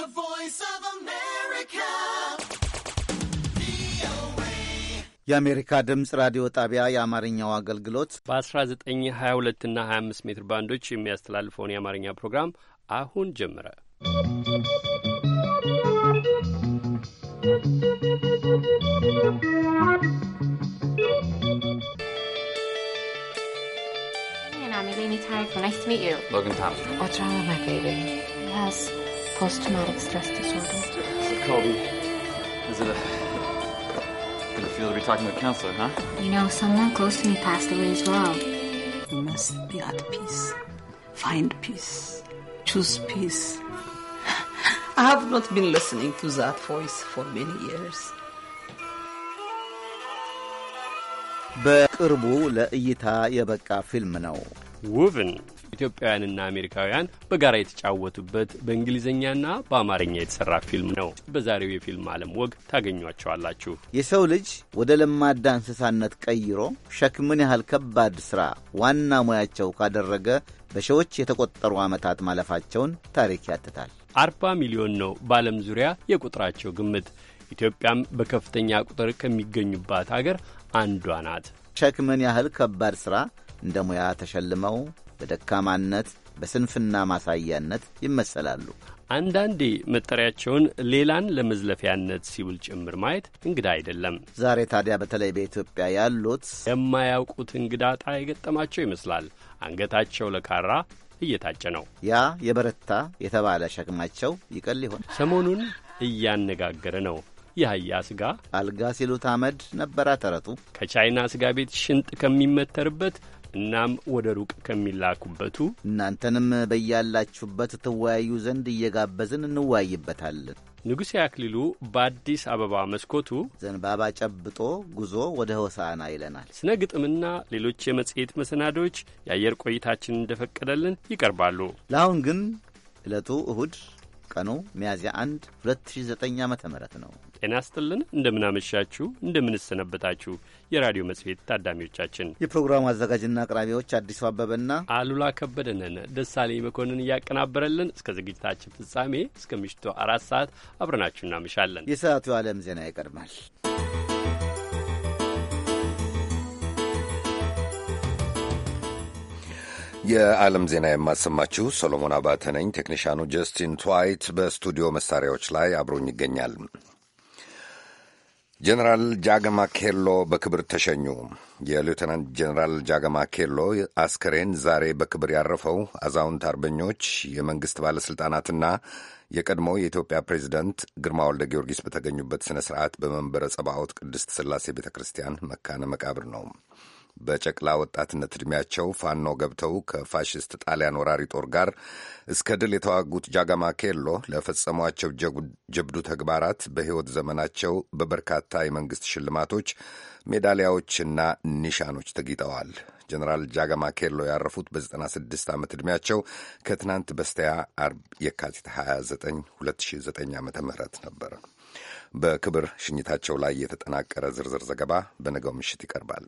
the የአሜሪካ ድምፅ ራዲዮ ጣቢያ የአማርኛው አገልግሎት በ1922 እና 25 ሜትር ባንዶች የሚያስተላልፈውን የአማርኛ ፕሮግራም አሁን ጀመረ። Hey, post-traumatic stress disorder. So, Colby, is it a... good feel to be talking to a counselor, huh? You know, someone close to me passed away as well. You must be at peace. Find peace. Choose peace. I have not been listening to that voice for many years. በቅርቡ ለእይታ የበቃ ፊልም ነው ውብን ኢትዮጵያውያንና አሜሪካውያን በጋራ የተጫወቱበት በእንግሊዝኛና በአማርኛ የተሰራ ፊልም ነው። በዛሬው የፊልም ዓለም ወግ ታገኟቸዋላችሁ። የሰው ልጅ ወደ ለማዳ እንስሳነት ቀይሮ ሸክምን ያህል ከባድ ሥራ ዋና ሙያቸው ካደረገ በሺዎች የተቆጠሩ ዓመታት ማለፋቸውን ታሪክ ያትታል። አርባ ሚሊዮን ነው በዓለም ዙሪያ የቁጥራቸው ግምት። ኢትዮጵያም በከፍተኛ ቁጥር ከሚገኙባት አገር አንዷ ናት። ሸክምን ያህል ከባድ ሥራ እንደ ሙያ ተሸልመው በደካማነት በስንፍና ማሳያነት ይመሰላሉ። አንዳንዴ መጠሪያቸውን ሌላን ለመዝለፊያነት ሲውል ጭምር ማየት እንግዳ አይደለም። ዛሬ ታዲያ በተለይ በኢትዮጵያ ያሉት የማያውቁት እንግዳ ጣ የገጠማቸው ይመስላል። አንገታቸው ለካራ እየታጨ ነው። ያ የበረታ የተባለ ሸክማቸው ይቀል ይሆን? ሰሞኑን እያነጋገረ ነው። የአህያ ስጋ አልጋ ሲሉት አመድ ነበራ ተረቱ። ከቻይና ስጋ ቤት ሽንጥ ከሚመተርበት እናም ወደ ሩቅ ከሚላኩበቱ እናንተንም በያላችሁበት ትወያዩ ዘንድ እየጋበዝን እንወያይበታለን። ንጉሴ አክሊሉ በአዲስ አበባ መስኮቱ ዘንባባ ጨብጦ ጉዞ ወደ ሆሳና ይለናል። ስነ ግጥምና ሌሎች የመጽሔት መሰናዶዎች የአየር ቆይታችን እንደፈቀደልን ይቀርባሉ። ለአሁን ግን ዕለቱ እሁድ ቀኑ ሚያዝያ 1 2009 ዓ ም ነው። ጤና ስጥልን። እንደምናመሻችሁ፣ እንደምንሰነበታችሁ የራዲዮ መጽሔት ታዳሚዎቻችን የፕሮግራሙ አዘጋጅና አቅራቢዎች አዲሱ አበበና አሉላ ከበደነን ደሳሌ መኮንን እያቀናበረልን እስከ ዝግጅታችን ፍጻሜ እስከ ምሽቱ አራት ሰዓት አብረናችሁ እናመሻለን። የሰዓቱ የዓለም ዜና ይቀድማል። የዓለም ዜና የማሰማችሁ ሰሎሞን አባተ ነኝ። ቴክኒሻኑ ጀስቲን ትዋይት በስቱዲዮ መሳሪያዎች ላይ አብሮኝ ይገኛል። ጀኔራል ጃገማ ኬሎ በክብር ተሸኙ። የሌውተናንት ጀኔራል ጃገማ ኬሎ አስከሬን ዛሬ በክብር ያረፈው አዛውንት አርበኞች፣ የመንግሥት ባለሥልጣናትና የቀድሞ የኢትዮጵያ ፕሬዚደንት ግርማ ወልደ ጊዮርጊስ በተገኙበት ሥነ ሥርዓት በመንበረ ጸባዖት ቅድስት ሥላሴ ቤተ ክርስቲያን መካነ መቃብር ነው። በጨቅላ ወጣትነት ዕድሜያቸው ፋኖ ገብተው ከፋሽስት ጣሊያን ወራሪ ጦር ጋር እስከ ድል የተዋጉት ጃጋማ ኬሎ ለፈጸሟቸው ጀብዱ ተግባራት በሕይወት ዘመናቸው በበርካታ የመንግሥት ሽልማቶች፣ ሜዳሊያዎችና ኒሻኖች ተጊጠዋል። ጀነራል ጃጋማ ኬሎ ያረፉት በ96 ዓመት ዕድሜያቸው ከትናንት በስቲያ አርብ የካቲት 29 2009 ዓ ም ነበረ። በክብር ሽኝታቸው ላይ የተጠናቀረ ዝርዝር ዘገባ በነገው ምሽት ይቀርባል።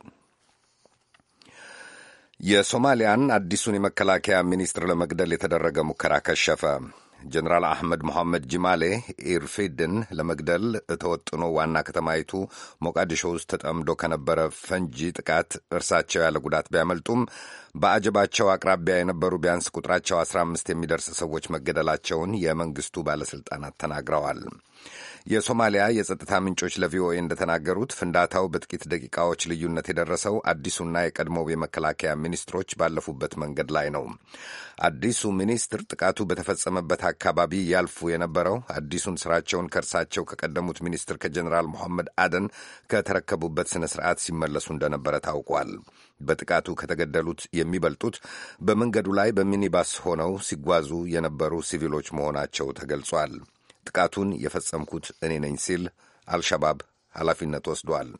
የሶማሊያን አዲሱን የመከላከያ ሚኒስትር ለመግደል የተደረገ ሙከራ ከሸፈ። ጀኔራል አህመድ መሐመድ ጅማሌ ኢርፊድን ለመግደል ተወጥኖ ዋና ከተማይቱ ሞቃዲሾ ውስጥ ተጠምዶ ከነበረ ፈንጂ ጥቃት እርሳቸው ያለ ጉዳት ቢያመልጡም በአጀባቸው አቅራቢያ የነበሩ ቢያንስ ቁጥራቸው 15 የሚደርስ ሰዎች መገደላቸውን የመንግስቱ ባለሥልጣናት ተናግረዋል። የሶማሊያ የጸጥታ ምንጮች ለቪኦኤ እንደተናገሩት ፍንዳታው በጥቂት ደቂቃዎች ልዩነት የደረሰው አዲሱና የቀድሞው የመከላከያ ሚኒስትሮች ባለፉበት መንገድ ላይ ነው። አዲሱ ሚኒስትር ጥቃቱ በተፈጸመበት አካባቢ ያልፉ የነበረው አዲሱን ስራቸውን ከእርሳቸው ከቀደሙት ሚኒስትር ከጀኔራል መሐመድ አደን ከተረከቡበት ስነ ስርዓት ሲመለሱ እንደነበረ ታውቋል። በጥቃቱ ከተገደሉት የሚበልጡት በመንገዱ ላይ በሚኒባስ ሆነው ሲጓዙ የነበሩ ሲቪሎች መሆናቸው ተገልጿል። ጥቃቱን የፈጸምኩት እኔ ነኝ ሲል አልሸባብ ኃላፊነት ወስዷል።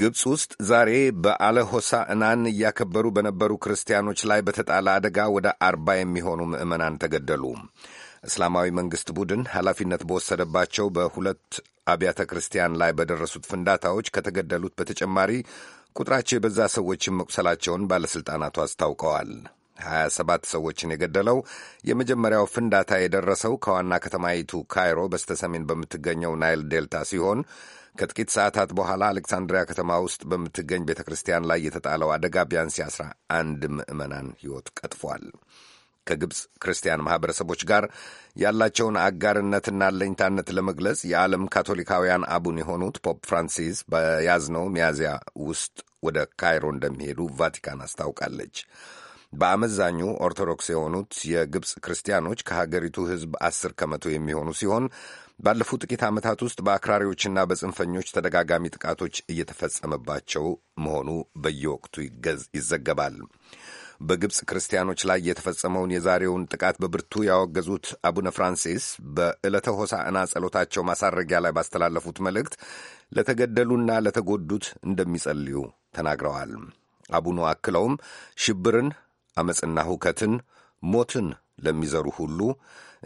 ግብፅ ውስጥ ዛሬ በዓለ ሆሳዕናን እያከበሩ በነበሩ ክርስቲያኖች ላይ በተጣለ አደጋ ወደ አርባ የሚሆኑ ምዕመናን ተገደሉ። እስላማዊ መንግሥት ቡድን ኃላፊነት በወሰደባቸው በሁለት አብያተ ክርስቲያን ላይ በደረሱት ፍንዳታዎች ከተገደሉት በተጨማሪ ቁጥራቸው የበዛ ሰዎችን መቁሰላቸውን ባለሥልጣናቱ አስታውቀዋል። 27 ሰዎችን የገደለው የመጀመሪያው ፍንዳታ የደረሰው ከዋና ከተማይቱ ካይሮ በስተሰሜን በምትገኘው ናይል ዴልታ ሲሆን ከጥቂት ሰዓታት በኋላ አሌክሳንድሪያ ከተማ ውስጥ በምትገኝ ቤተ ክርስቲያን ላይ የተጣለው አደጋ ቢያንስ የአስራ አንድ ምዕመናን ሕይወት ቀጥፏል። ከግብፅ ክርስቲያን ማኅበረሰቦች ጋር ያላቸውን አጋርነትና አለኝታነት ለመግለጽ የዓለም ካቶሊካውያን አቡን የሆኑት ፖፕ ፍራንሲስ በያዝነው ሚያዝያ ውስጥ ወደ ካይሮ እንደሚሄዱ ቫቲካን አስታውቃለች። በአመዛኙ ኦርቶዶክስ የሆኑት የግብፅ ክርስቲያኖች ከሀገሪቱ ሕዝብ አስር ከመቶ የሚሆኑ ሲሆን ባለፉት ጥቂት ዓመታት ውስጥ በአክራሪዎችና በጽንፈኞች ተደጋጋሚ ጥቃቶች እየተፈጸመባቸው መሆኑ በየወቅቱ ይዘገባል። በግብፅ ክርስቲያኖች ላይ የተፈጸመውን የዛሬውን ጥቃት በብርቱ ያወገዙት አቡነ ፍራንሲስ በዕለተ ሆሳዕና ጸሎታቸው ማሳረጊያ ላይ ባስተላለፉት መልእክት ለተገደሉና ለተጎዱት እንደሚጸልዩ ተናግረዋል። አቡኑ አክለውም ሽብርን አመፅና ሁከትን፣ ሞትን ለሚዘሩ ሁሉ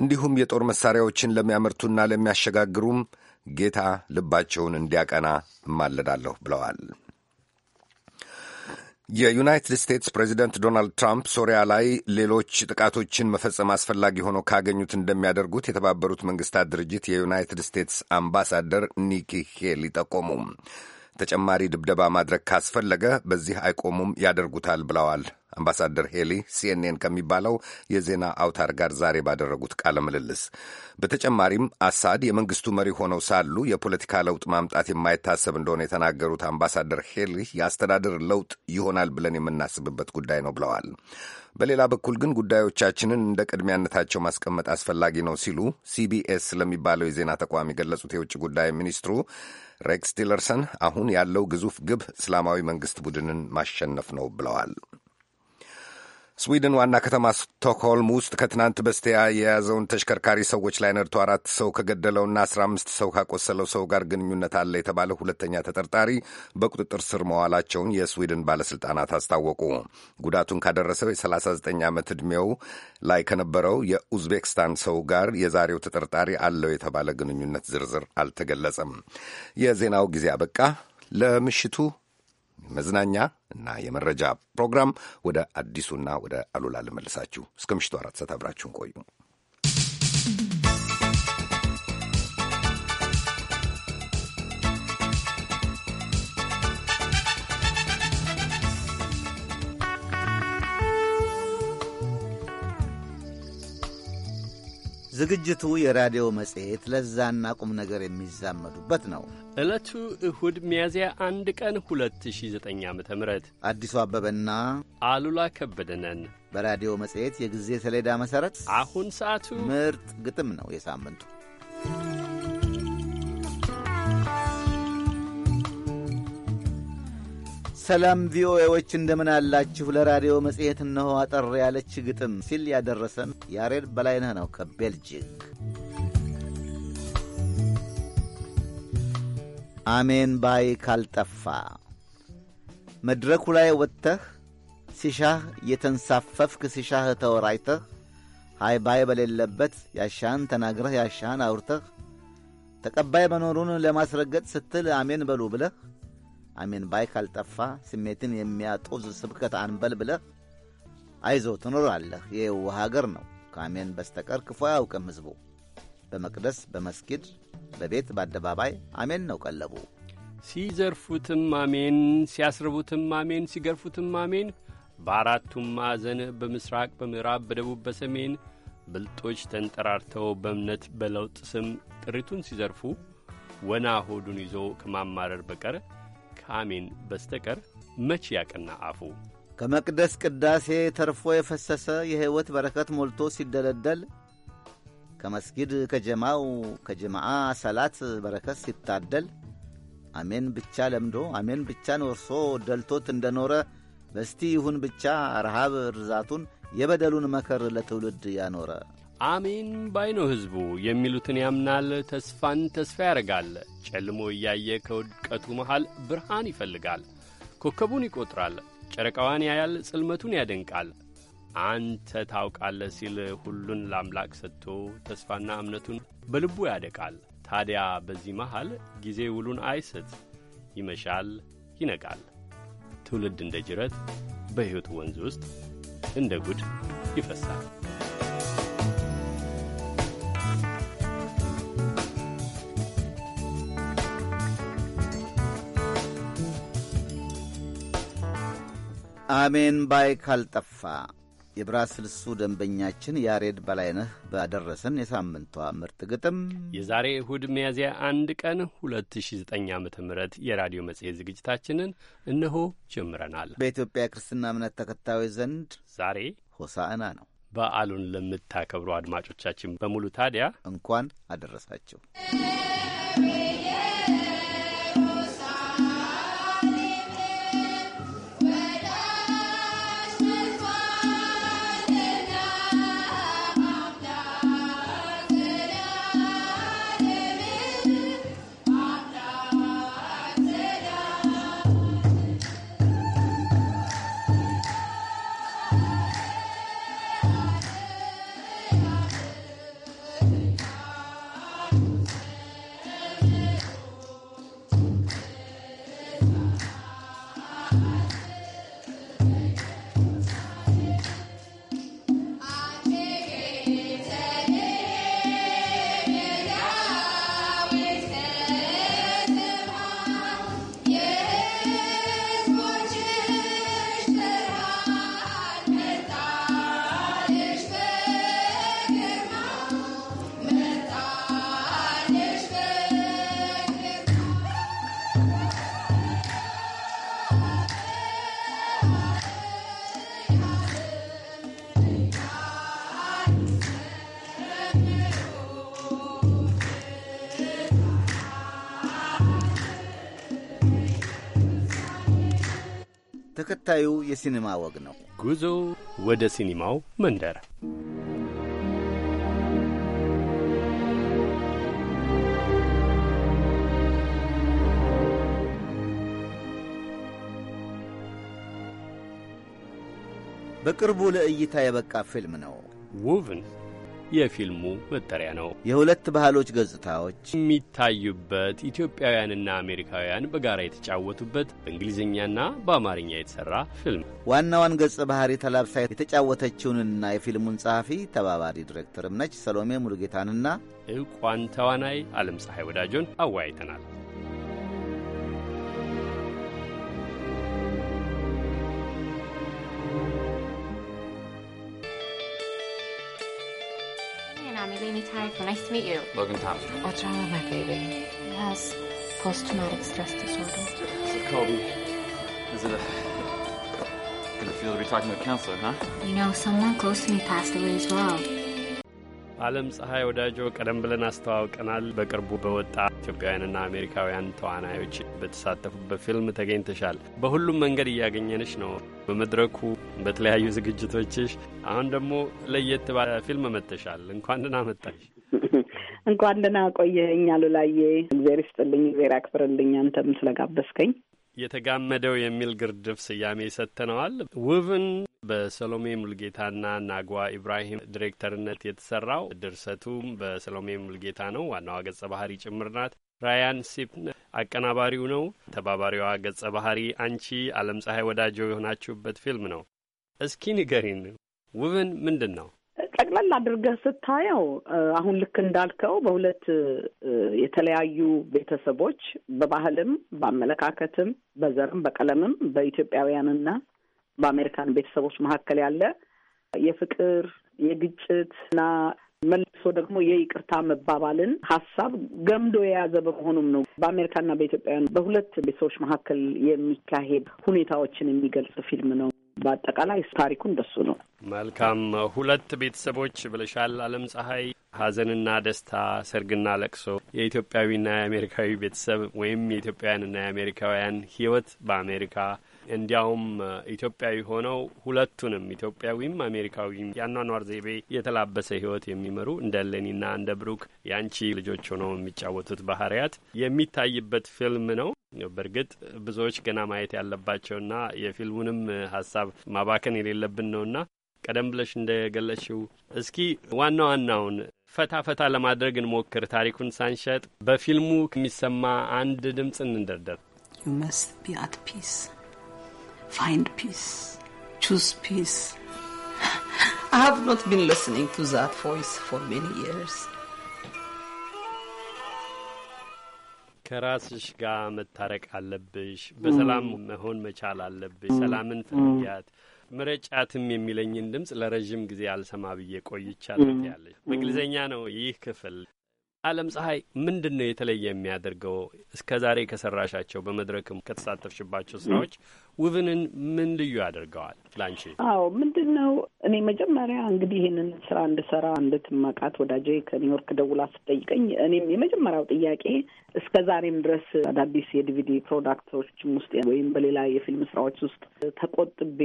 እንዲሁም የጦር መሳሪያዎችን ለሚያመርቱና ለሚያሸጋግሩም ጌታ ልባቸውን እንዲያቀና እማለዳለሁ ብለዋል። የዩናይትድ ስቴትስ ፕሬዚደንት ዶናልድ ትራምፕ ሶሪያ ላይ ሌሎች ጥቃቶችን መፈጸም አስፈላጊ ሆኖ ካገኙት እንደሚያደርጉት የተባበሩት መንግስታት ድርጅት የዩናይትድ ስቴትስ አምባሳደር ኒኪ ሄሊ ጠቆሙ። ተጨማሪ ድብደባ ማድረግ ካስፈለገ በዚህ አይቆሙም፣ ያደርጉታል ብለዋል አምባሳደር ሄሊ ሲኤንኤን ከሚባለው የዜና አውታር ጋር ዛሬ ባደረጉት ቃለ ምልልስ በተጨማሪም አሳድ የመንግስቱ መሪ ሆነው ሳሉ የፖለቲካ ለውጥ ማምጣት የማይታሰብ እንደሆነ የተናገሩት አምባሳደር ሄሊ የአስተዳደር ለውጥ ይሆናል ብለን የምናስብበት ጉዳይ ነው ብለዋል። በሌላ በኩል ግን ጉዳዮቻችንን እንደ ቅድሚያነታቸው ማስቀመጥ አስፈላጊ ነው ሲሉ ሲቢኤስ ለሚባለው የዜና ተቋም የገለጹት የውጭ ጉዳይ ሚኒስትሩ ሬክስ ቲለርሰን አሁን ያለው ግዙፍ ግብ እስላማዊ መንግስት ቡድንን ማሸነፍ ነው ብለዋል። ስዊድን ዋና ከተማ ስቶክሆልም ውስጥ ከትናንት በስቲያ የያዘውን ተሽከርካሪ ሰዎች ላይ ነድቶ አራት ሰው ከገደለውና አስራ አምስት ሰው ካቆሰለው ሰው ጋር ግንኙነት አለ የተባለ ሁለተኛ ተጠርጣሪ በቁጥጥር ስር መዋላቸውን የስዊድን ባለሥልጣናት አስታወቁ። ጉዳቱን ካደረሰው የ39 ዓመት ዕድሜው ላይ ከነበረው የኡዝቤክስታን ሰው ጋር የዛሬው ተጠርጣሪ አለው የተባለ ግንኙነት ዝርዝር አልተገለጸም። የዜናው ጊዜ አበቃ። ለምሽቱ መዝናኛ እና የመረጃ ፕሮግራም ወደ አዲሱና ወደ አሉላ ልመልሳችሁ። እስከ ምሽቱ አራት ሰዓት አብራችሁን ቆዩ። ዝግጅቱ የራዲዮ መጽሔት ለዛና ቁም ነገር የሚዛመዱበት ነው። ዕለቱ እሁድ ሚያዝያ አንድ ቀን 2009 ዓ ም አዲሱ አበበና አሉላ ከበደነን በራዲዮ መጽሔት የጊዜ ሰሌዳ መሠረት አሁን ሰዓቱ ምርጥ ግጥም ነው የሳምንቱ ሰላም ቪኦኤዎች እንደምን አላችሁ። ለራዲዮ መጽሔት እነሆ አጠር ያለች ግጥም ሲል ያደረሰን ያሬድ በላይነህ ነው ከቤልጅግ። አሜን ባይ ካልጠፋ መድረኩ ላይ ወጥተህ ሲሻህ የተንሳፈፍክ ሲሻህ ተወራይተህ ሃይ ባይ በሌለበት ያሻህን ተናግረህ ያሻህን አውርተህ ተቀባይ መኖሩን ለማስረገጥ ስትል አሜን በሉ ብለህ አሜን ባይ ካልጠፋ ስሜትን የሚያጦዝ ስብከት አንበል ብለህ አይዞ ትኖራለህ። የየዋህ ሀገር ነው። ከአሜን በስተቀር ክፉ አያውቅም ሕዝቡ። በመቅደስ በመስጊድ በቤት በአደባባይ አሜን ነው ቀለቡ። ሲዘርፉትም አሜን፣ ሲያስርቡትም አሜን፣ ሲገርፉትም አሜን። በአራቱም ማዕዘን በምስራቅ፣ በምዕራብ፣ በደቡብ፣ በሰሜን ብልጦች ተንጠራርተው በእምነት በለውጥ ስም ጥሪቱን ሲዘርፉ ወና ሆዱን ይዞ ከማማረር በቀር አሜን በስተቀር መቼ ያቀና አፉ ከመቅደስ ቅዳሴ ተርፎ የፈሰሰ የሕይወት በረከት ሞልቶ ሲደለደል ከመስጊድ ከጀማው ከጀማአ ሰላት በረከት ሲታደል አሜን ብቻ ለምዶ አሜን ብቻን ወርሶ ደልቶት እንደኖረ በስቲ ይሁን ብቻ ረሃብ ርዛቱን የበደሉን መከር ለትውልድ ያኖረ አሜን ባይኖ ሕዝቡ የሚሉትን ያምናል፣ ተስፋን ተስፋ ያደርጋል። ጨልሞ እያየ ከውድቀቱ መሃል ብርሃን ይፈልጋል። ኮከቡን ይቈጥራል፣ ጨረቃዋን ያያል፣ ጽልመቱን ያደንቃል። አንተ ታውቃለህ ሲል ሁሉን ለአምላክ ሰጥቶ ተስፋና እምነቱን በልቡ ያደቃል። ታዲያ በዚህ መሃል ጊዜ ውሉን አይስት፣ ይመሻል፣ ይነቃል። ትውልድ እንደ ጅረት በሕይወቱ ወንዝ ውስጥ እንደ ጉድ ይፈሳል። አሜን ባይ ካልጠፋ የብራስልሱ ደንበኛችን ያሬድ በላይነህ ባደረሰን የሳምንቷ ምርጥ ግጥም የዛሬ እሁድ ሚያዝያ አንድ ቀን 2009 ዓ ም የራዲዮ መጽሔት ዝግጅታችንን እነሆ ጀምረናል። በኢትዮጵያ ክርስትና እምነት ተከታዮች ዘንድ ዛሬ ሆሳዕና ነው። በዓሉን ለምታከብሩ አድማጮቻችን በሙሉ ታዲያ እንኳን አደረሳችሁ። ተከታዩ የሲኒማ ወግ ነው። ጉዞ ወደ ሲኒማው መንደር በቅርቡ ለእይታ የበቃ ፊልም ነው ውብን የፊልሙ መጠሪያ ነው። የሁለት ባህሎች ገጽታዎች የሚታዩበት ኢትዮጵያውያንና አሜሪካውያን በጋራ የተጫወቱበት በእንግሊዝኛና በአማርኛ የተሰራ ፊልም ዋናዋን ገጸ ባህሪ ተላብሳ የተጫወተችውንና የፊልሙን ጸሐፊ ተባባሪ ዲሬክተርም ነች ሰሎሜ ሙሉጌታንና እቋን ተዋናይ አለም ፀሐይ ወዳጆን አወያይተናል። Hi, nice to meet you. Logan Thompson. What's wrong with my baby? He has post-traumatic stress disorder. So, Kobe, is it a... Good to feel to be talking to a counselor, huh? You know, someone close to me passed away as well. አለም ፀሐይ ወዳጆ ቀደም ብለን አስተዋውቀናል። በቅርቡ በወጣ ኢትዮጵያውያንና አሜሪካውያን ተዋናዮች በተሳተፉበት ፊልም ተገኝተሻል። በሁሉም መንገድ እያገኘንሽ ነው፣ በመድረኩ በተለያዩ ዝግጅቶችሽ። አሁን ደግሞ ለየት ባለ ፊልም መጥተሻል። እንኳን ደህና መጣሽ። እንኳን ደህና ቆየኸኝ አሉላዬ። እግዜር ይስጥልኝ፣ እግዜር ያክብርልኝ። አንተም ስለጋበዝከኝ የተጋመደው የሚል ግርድፍ ስያሜ ሰጥተነዋል። ውብን በሰሎሜ ሙልጌታና ናጓ ኢብራሂም ዲሬክተርነት የተሰራው ድርሰቱም በሰሎሜ ሙልጌታ ነው። ዋናዋ ገጸ ባህሪ ጭምር ናት። ራያን ሲፕን አቀናባሪው ነው። ተባባሪዋ ገጸ ባህሪ አንቺ አለም ፀሐይ ወዳጆ የሆናችሁበት ፊልም ነው። እስኪ ንገሪን ውብን ምንድን ነው? ጠቅለል አድርገህ ስታየው አሁን ልክ እንዳልከው በሁለት የተለያዩ ቤተሰቦች በባህልም በአመለካከትም በዘርም በቀለምም በኢትዮጵያውያንና በአሜሪካን ቤተሰቦች መካከል ያለ የፍቅር የግጭት ና መልሶ ደግሞ የይቅርታ መባባልን ሀሳብ ገምዶ የያዘ በመሆኑም ነው በአሜሪካና በኢትዮጵያውያን በሁለት ቤተሰቦች መካከል የሚካሄድ ሁኔታዎችን የሚገልጽ ፊልም ነው። በአጠቃላይ ታሪኩ እንደሱ ነው። መልካም ሁለት ቤተሰቦች ብለሻል አለም ፀሐይ ሀዘንና ደስታ፣ ሰርግና ለቅሶ የኢትዮጵያዊና የአሜሪካዊ ቤተሰብ ወይም የኢትዮጵያውያንና የአሜሪካውያን ህይወት በአሜሪካ እንዲያውም ኢትዮጵያዊ ሆነው ሁለቱንም ኢትዮጵያዊም አሜሪካዊም የአኗኗር ዘይቤ የተላበሰ ህይወት የሚመሩ እንደ ሌኒና እንደ ብሩክ የአንቺ ልጆች ሆነው የሚጫወቱት ባህርያት የሚታይበት ፊልም ነው። በእርግጥ ብዙዎች ገና ማየት ያለባቸውና የፊልሙንም ሀሳብ ማባከን የሌለብን ነውና ቀደም ብለሽ እንደገለሽው እስኪ ዋና ዋናውን ፈታ ፈታ ለማድረግ እንሞክር። ታሪኩን ሳንሸጥ በፊልሙ የሚሰማ አንድ ድምፅ እንንደርደር። ዩ መስት ቢ አት ፒስ ፋይንድ ፒስ ቹዝ ፒስ አይ ሃቭ ኖት ቢን ሊስኒንግ ቱ ዛት ቮይስ ፎር ሜኒ ይርስ ከራስሽ ጋር መታረቅ አለብሽ። በሰላም መሆን መቻል አለብሽ። ሰላምን ፈልጊያት ምረጫትም የሚለኝን ድምጽ ለረዥም ጊዜ አልሰማ ብዬ ቆይቻለሁ ያለሽ በእንግሊዝኛ ነው ይህ ክፍል። አለም ፀሐይ ምንድን ነው የተለየ የሚያደርገው? እስከ ዛሬ ከሰራሻቸው በመድረክም ከተሳተፍሽባቸው ስራዎች ውብንን ምን ልዩ ያደርገዋል ላንቺ? አዎ ምንድን ነው እኔ መጀመሪያ እንግዲህ ይህንን ስራ እንድሰራ እንድትመቃት ወዳጄ ከኒውዮርክ ደውላ ስጠይቀኝ እኔም የመጀመሪያው ጥያቄ እስከ ዛሬም ድረስ አዳዲስ የዲቪዲ ፕሮዳክቶችም ውስጥ ወይም በሌላ የፊልም ስራዎች ውስጥ ተቆጥቤ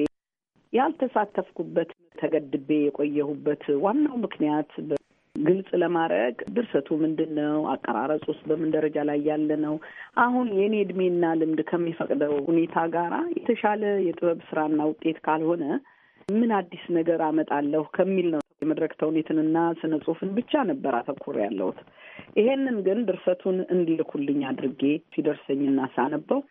ያልተሳተፍኩበት ተገድቤ የቆየሁበት ዋናው ምክንያት ግልጽ ለማድረግ ድርሰቱ ምንድን ነው፣ አቀራረጽ ውስጥ በምን ደረጃ ላይ ያለ ነው፣ አሁን የኔ እድሜና ልምድ ከሚፈቅደው ሁኔታ ጋራ የተሻለ የጥበብ ስራና ውጤት ካልሆነ ምን አዲስ ነገር አመጣለሁ ከሚል ነው። የመድረክ ተውኔትንና ስነ ጽሁፍን ብቻ ነበር አተኩር ያለሁት። ይሄንን ግን ድርሰቱን እንዲልኩልኝ አድርጌ ሲደርሰኝና ሳነበው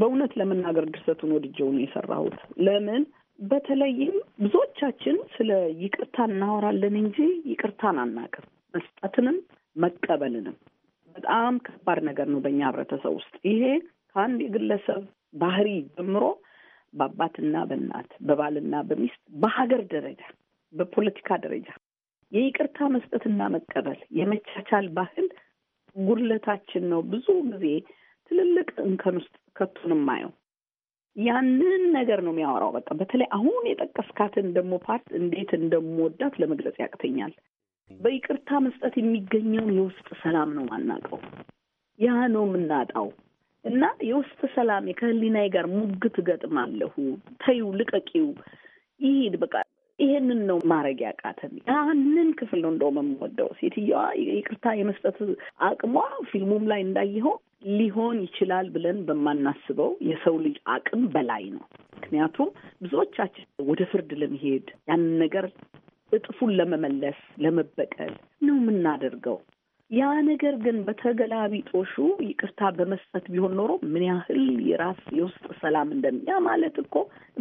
በእውነት ለመናገር ድርሰቱን ወድጀው ነው የሰራሁት። ለምን በተለይም ብዙዎቻችን ስለ ይቅርታ እናወራለን እንጂ ይቅርታን አናቅም። መስጠትንም መቀበልንም በጣም ከባድ ነገር ነው በእኛ ህብረተሰብ ውስጥ። ይሄ ከአንድ የግለሰብ ባህሪ ጀምሮ በአባትና በእናት በባልና በሚስት በሀገር ደረጃ በፖለቲካ ደረጃ የይቅርታ መስጠትና መቀበል የመቻቻል ባህል ጉድለታችን ነው። ብዙ ጊዜ ትልልቅ እንከን ውስጥ ከቱንም አየው ያንን ነገር ነው የሚያወራው። በቃ በተለይ አሁን የጠቀስካትን ደግሞ ፓርት እንዴት እንደምወዳት ለመግለጽ ያቅተኛል። በይቅርታ መስጠት የሚገኘውን የውስጥ ሰላም ነው ማናቀው፣ ያ ነው የምናጣው። እና የውስጥ ሰላም ከህሊናዬ ጋር ሙግት እገጥማለሁ፣ ተዩ ልቀቂው፣ ይሄድ በቃ ይሄንን ነው ማድረግ ያቃተን። ያንን ክፍል ነው እንደውም የምወደው። ሴትየዋ ይቅርታ የመስጠት አቅሟ ፊልሙም ላይ እንዳየኸው ሊሆን ይችላል ብለን በማናስበው የሰው ልጅ አቅም በላይ ነው። ምክንያቱም ብዙዎቻችን ወደ ፍርድ ለመሄድ ያንን ነገር እጥፉን ለመመለስ ለመበቀል ነው የምናደርገው። ያ ነገር ግን በተገላቢጦሹ ይቅርታ በመስጠት ቢሆን ኖሮ ምን ያህል የራስ የውስጥ ሰላም እንደሚያ ማለት እኮ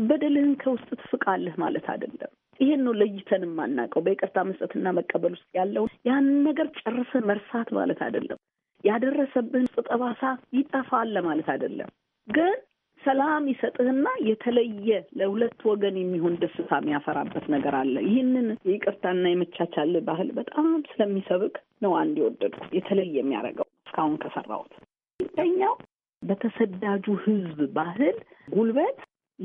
በደልህን ከውስጥ ትፍቃለህ ማለት አይደለም። ይሄን ነው ለይተን የማናውቀው። በይቅርታ መስጠትና መቀበል ውስጥ ያለው ያንን ነገር ጨርሰን መርሳት ማለት አይደለም። ያደረሰብህን ጠባሳ ይጠፋል ለማለት አይደለም፣ ግን ሰላም ይሰጥህና የተለየ ለሁለት ወገን የሚሆን ደስታ የሚያፈራበት ነገር አለ። ይህንን ይቅርታና የመቻቻል ባህል በጣም ስለሚሰብክ ነው አንድ የወደድኩ የተለየ የሚያደርገው እስካሁን ከሰራሁት። ሁለተኛው በተሰዳጁ ህዝብ ባህል ጉልበት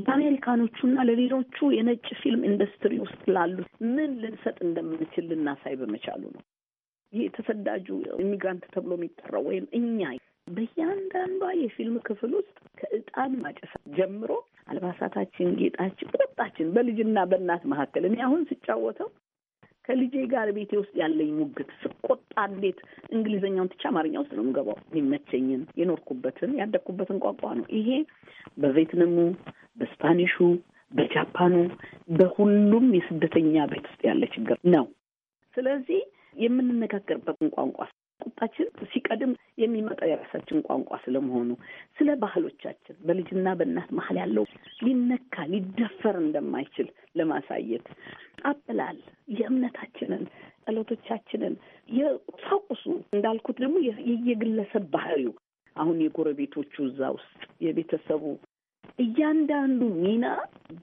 ለአሜሪካኖቹና ለሌሎቹ የነጭ ፊልም ኢንዱስትሪ ውስጥ ላሉ ምን ልንሰጥ እንደምንችል ልናሳይ በመቻሉ ነው። ይህ ተሰዳጁ ኢሚግራንት ተብሎ የሚጠራው ወይም እኛ በእያንዳንዷ የፊልም ክፍል ውስጥ ከእጣን ማጨሳ ጀምሮ አልባሳታችን፣ ጌጣችን፣ ቁጣችን በልጅና በእናት መካከል እኔ አሁን ስጫወተው ከልጄ ጋር ቤቴ ውስጥ ያለኝ ሙግት ስቆጣ እንዴት እንግሊዝኛውን ትቼ አማርኛ ውስጥ ነው የምገባው። የሚመቸኝን የኖርኩበትን ያደግኩበትን ቋንቋ ነው። ይሄ በቬትናሙ፣ በስፓኒሹ፣ በጃፓኑ በሁሉም የስደተኛ ቤት ውስጥ ያለ ችግር ነው። ስለዚህ የምንነጋገርበትን ቋንቋ ቁጣችን ሲቀድም የሚመጣው የራሳችን ቋንቋ ስለመሆኑ ስለ ባህሎቻችን በልጅና በእናት መሀል ያለው ሊነካ ሊደፈር እንደማይችል ለማሳየት አበላል የእምነታችንን ጸሎቶቻችንን የቁሳቁሱ እንዳልኩት ደግሞ የየግለሰብ ባህሪው አሁን የጎረቤቶቹ እዛ ውስጥ የቤተሰቡ እያንዳንዱ ሚና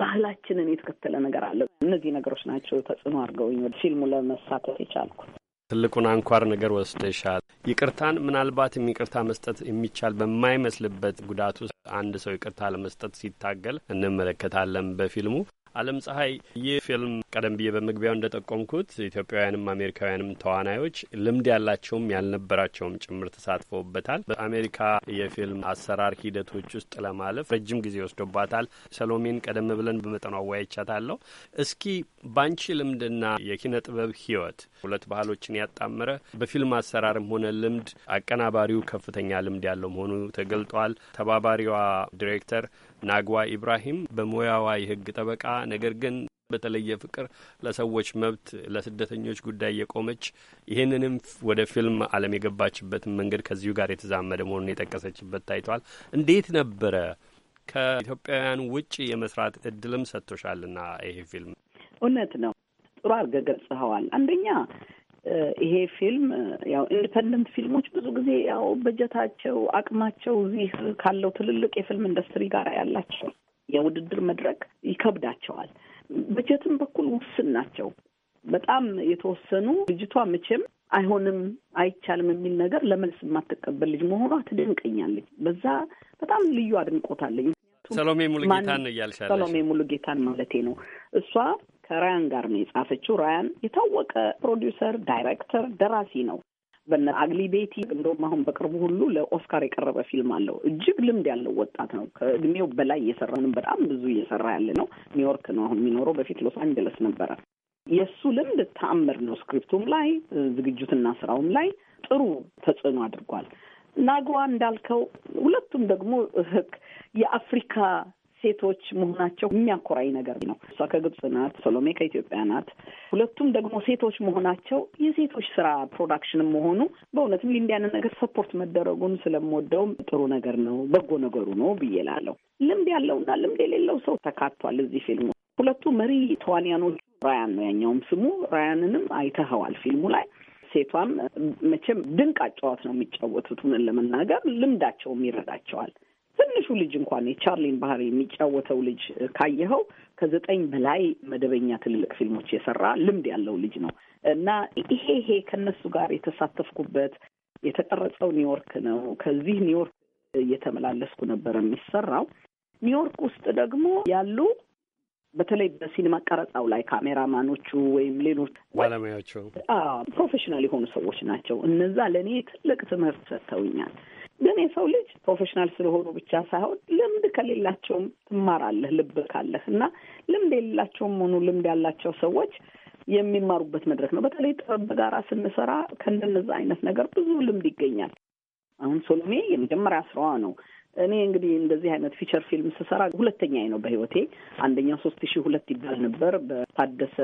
ባህላችንን የተከተለ ነገር አለ። እነዚህ ነገሮች ናቸው ተጽዕኖ አድርገውኝ ወደ ፊልሙ ለመሳተፍ የቻልኩት። ትልቁን አንኳር ነገር ወስደሻል። ይቅርታን ምናልባት ይቅርታ መስጠት የሚቻል በማይመስልበት ጉዳት ውስጥ አንድ ሰው ይቅርታ ለመስጠት ሲታገል እንመለከታለን በፊልሙ። አለም ፀሐይ፣ ይህ ፊልም ቀደም ብዬ በመግቢያው እንደ ጠቆምኩት ኢትዮጵያውያንም አሜሪካውያንም ተዋናዮች ልምድ ያላቸውም ያልነበራቸውም ጭምር ተሳትፎበታል። በአሜሪካ የፊልም አሰራር ሂደቶች ውስጥ ለማለፍ ረጅም ጊዜ ወስዶባታል። ሰሎሜን ቀደም ብለን በመጠኑ አወያይቻታለሁ። እስኪ ባንቺ ልምድና የኪነ ጥበብ ህይወት ሁለት ባህሎችን ያጣመረ በፊልም አሰራርም ሆነ ልምድ አቀናባሪው ከፍተኛ ልምድ ያለው መሆኑ ተገልጧል። ተባባሪዋ ዲሬክተር ናግዋ ኢብራሂም በሙያዋ የህግ ጠበቃ ነገር ግን በተለየ ፍቅር ለሰዎች መብት ለስደተኞች ጉዳይ የቆመች ይህንንም ወደ ፊልም ዓለም የገባችበትን መንገድ ከዚሁ ጋር የተዛመደ መሆኑን የጠቀሰችበት ታይቷል። እንዴት ነበረ? ከኢትዮጵያውያን ውጭ የመስራት እድልም ሰጥቶሻልና ይሄ ፊልም እውነት ነው። ጥሩ አድርገህ አንደኛ ይሄ ፊልም ያው ኢንዲፐንደንት ፊልሞች ብዙ ጊዜ ያው በጀታቸው አቅማቸው እዚህ ካለው ትልልቅ የፊልም ኢንዱስትሪ ጋር ያላቸው የውድድር መድረክ ይከብዳቸዋል። በጀትም በኩል ውስን ናቸው። በጣም የተወሰኑ ልጅቷ መቼም አይሆንም አይቻልም የሚል ነገር ለመልስ የማትቀበል ልጅ መሆኗ ትደንቀኛለች። በዛ በጣም ልዩ አድንቆታለኝ። ሰሎሜ ሙሉጌታን እያልሻለሽ? ሰሎሜ ሙሉጌታን ማለቴ ነው። እሷ ከራያን ጋር ነው የጻፈችው። ራያን የታወቀ ፕሮዲውሰር፣ ዳይሬክተር፣ ደራሲ ነው። በነ አግሊ ቤቲ እንደውም አሁን በቅርቡ ሁሉ ለኦስካር የቀረበ ፊልም አለው። እጅግ ልምድ ያለው ወጣት ነው። ከእድሜው በላይ እየሰራ በጣም ብዙ እየሰራ ያለ ነው። ኒውዮርክ ነው አሁን የሚኖረው። በፊት ሎስ አንጀለስ ነበረ። የእሱ ልምድ ተአምር ነው። ስክሪፕቱም ላይ ዝግጅትና ስራውም ላይ ጥሩ ተጽዕኖ አድርጓል። ናጓ እንዳልከው ሁለቱም ደግሞ የአፍሪካ ሴቶች መሆናቸው የሚያኮራኝ ነገር ነው። እሷ ከግብጽ ናት፣ ሰሎሜ ከኢትዮጵያ ናት። ሁለቱም ደግሞ ሴቶች መሆናቸው የሴቶች ስራ ፕሮዳክሽንም መሆኑ በእውነትም ሊንዲያንን ነገር ሰፖርት መደረጉን ስለምወደውም ጥሩ ነገር ነው፣ በጎ ነገሩ ነው ብዬ ላለው ልምድ ያለውና ልምድ የሌለው ሰው ተካቷል እዚህ ፊልሙ። ሁለቱ መሪ ተዋንያኖቹ ራያን ነው ያኛውም ስሙ። ራያንንም አይተኸዋል ፊልሙ ላይ ሴቷም መቼም ድንቅ አጫዋት ነው የሚጫወቱት። ለመናገር ልምዳቸውም ይረዳቸዋል። ትንሹ ልጅ እንኳን የቻርሊን ባህሪ የሚጫወተው ልጅ ካየኸው ከዘጠኝ በላይ መደበኛ ትልልቅ ፊልሞች የሰራ ልምድ ያለው ልጅ ነው እና ይሄ ይሄ ከነሱ ጋር የተሳተፍኩበት የተቀረጸው ኒውዮርክ ነው። ከዚህ ኒውዮርክ እየተመላለስኩ ነበር የሚሰራው። ኒውዮርክ ውስጥ ደግሞ ያሉ በተለይ በሲኒማ ቀረጻው ላይ ካሜራማኖቹ ወይም ሌሎች ባለሙያቸው ፕሮፌሽናል የሆኑ ሰዎች ናቸው። እነዛ ለእኔ ትልቅ ትምህርት ሰጥተውኛል። ግን የሰው ልጅ ፕሮፌሽናል ስለሆኑ ብቻ ሳይሆን ልምድ ከሌላቸውም ትማራለህ፣ ልብ ካለህ እና ልምድ የሌላቸውም ሆኑ ልምድ ያላቸው ሰዎች የሚማሩበት መድረክ ነው። በተለይ ጥበብ በጋራ ስንሰራ ከእንደነዛ አይነት ነገር ብዙ ልምድ ይገኛል። አሁን ሶሎሜ የመጀመሪያ ስራዋ ነው። እኔ እንግዲህ እንደዚህ አይነት ፊቸር ፊልም ስሰራ ሁለተኛ ነው በህይወቴ። አንደኛው ሶስት ሺ ሁለት ይባል ነበር በታደሰ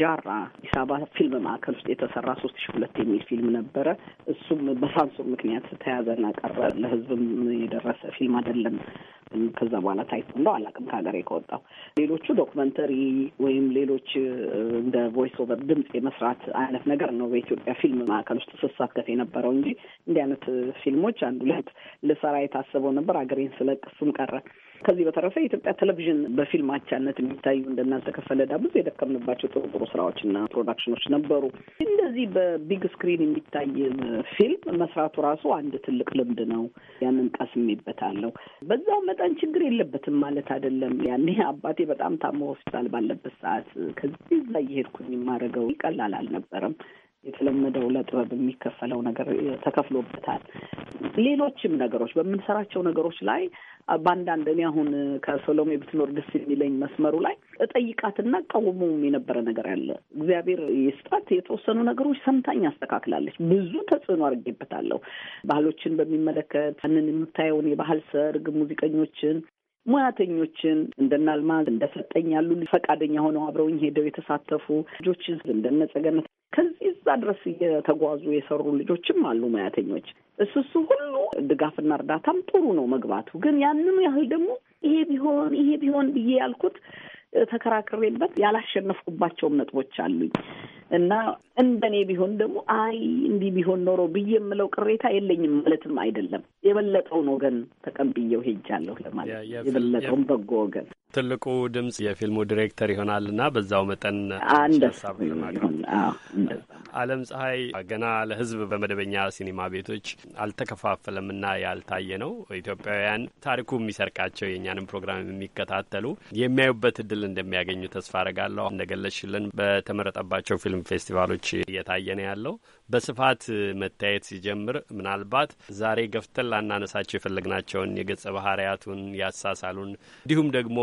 ጃራ አዲስ አበባ ፊልም ማዕከል ውስጥ የተሰራ ሶስት ሺ ሁለት የሚል ፊልም ነበረ። እሱም በሳንሱር ምክንያት ተያዘና ቀረ። ለህዝብም የደረሰ ፊልም አይደለም። ከዛ በኋላ ታይቶ እንደው አላውቅም ከሀገሬ ከወጣው። ሌሎቹ ዶክመንተሪ ወይም ሌሎች እንደ ቮይስ ኦቨር ድምፅ የመስራት አይነት ነገር ነው በኢትዮጵያ ፊልም ማዕከል ውስጥ ስሳተፍ የነበረው እንጂ እንዲህ አይነት ፊልሞች አንድ ሁለት ልሰራ የታሰበው ነበር አገሬን ስለቅ እሱም ቀረ። ከዚህ በተረፈ የኢትዮጵያ ቴሌቪዥን በፊልም አቻነት የሚታዩ እንደናንተ ከፈለ ዳ ብዙ የደከምንባቸው ጥሩ ጥሩ ስራዎችና ፕሮዳክሽኖች ነበሩ። እንደዚህ በቢግ ስክሪን የሚታይ ፊልም መስራቱ ራሱ አንድ ትልቅ ልምድ ነው። ያንን ቀስሜበታለሁ። በዛው መጠን ችግር የለበትም ማለት አይደለም። ያኔ አባቴ በጣም ታሞ ሆስፒታል ባለበት ሰዓት ከዚህ ላይ እየሄድኩኝ የማደርገው ይቀላል አልነበረም። የተለመደው ለጥበብ የሚከፈለው ነገር ተከፍሎበታል። ሌሎችም ነገሮች በምንሰራቸው ነገሮች ላይ በአንዳንድ እኔ አሁን ከሶሎሜ ብትኖር ደስ የሚለኝ መስመሩ ላይ እጠይቃትና እቃወመውም የነበረ ነገር አለ። እግዚአብሔር ይስጣት የተወሰኑ ነገሮች ሰምታኝ አስተካክላለች። ብዙ ተጽዕኖ አድርጌበታለሁ። ባህሎችን በሚመለከት ያንን የምታየውን የባህል ሰርግ ሙዚቀኞችን ሙያተኞችን እንደናልማዝ እንደሰጠኝ ያሉ ፈቃደኛ ሆነው አብረውኝ ሄደው የተሳተፉ ልጆችን እንደነጸገነት ከዚህ እዛ ድረስ እየተጓዙ የሰሩ ልጆችም አሉ ሙያተኞች። እሱ እሱ ሁሉ ድጋፍና እርዳታም ጥሩ ነው መግባቱ። ግን ያንኑ ያህል ደግሞ ይሄ ቢሆን ይሄ ቢሆን ብዬ ያልኩት ተከራክሬበት ያላሸነፍኩባቸውም ነጥቦች አሉኝ እና እንደኔ ቢሆን ደግሞ አይ እንዲህ ቢሆን ኖሮ ብዬ የምለው ቅሬታ የለኝም ማለትም አይደለም። የበለጠውን ወገን ተቀብዬው ሄጃለሁ ለማለት የበለጠውን በጎ ወገን ትልቁ ድምጽ የፊልሙ ዲሬክተር ይሆናልና በዛው መጠን አለም ፀሐይ ገና ለህዝብ በመደበኛ ሲኒማ ቤቶች አልተከፋፈለምና ያልታየ ነው። ኢትዮጵያውያን ታሪኩ የሚሰርቃቸው የእኛንም ፕሮግራም የሚከታተሉ የሚያዩበት እድል እንደሚያገኙ ተስፋ አረጋለሁ። እንደገለሽልን በተመረጠባቸው ፊልም ፌስቲቫሎች እየታየ ነው ያለው። በስፋት መታየት ሲጀምር ምናልባት ዛሬ ገፍተን ላናነሳቸው የፈለግናቸውን የገጸ ባህርያቱን ያሳሳሉን እንዲሁም ደግሞ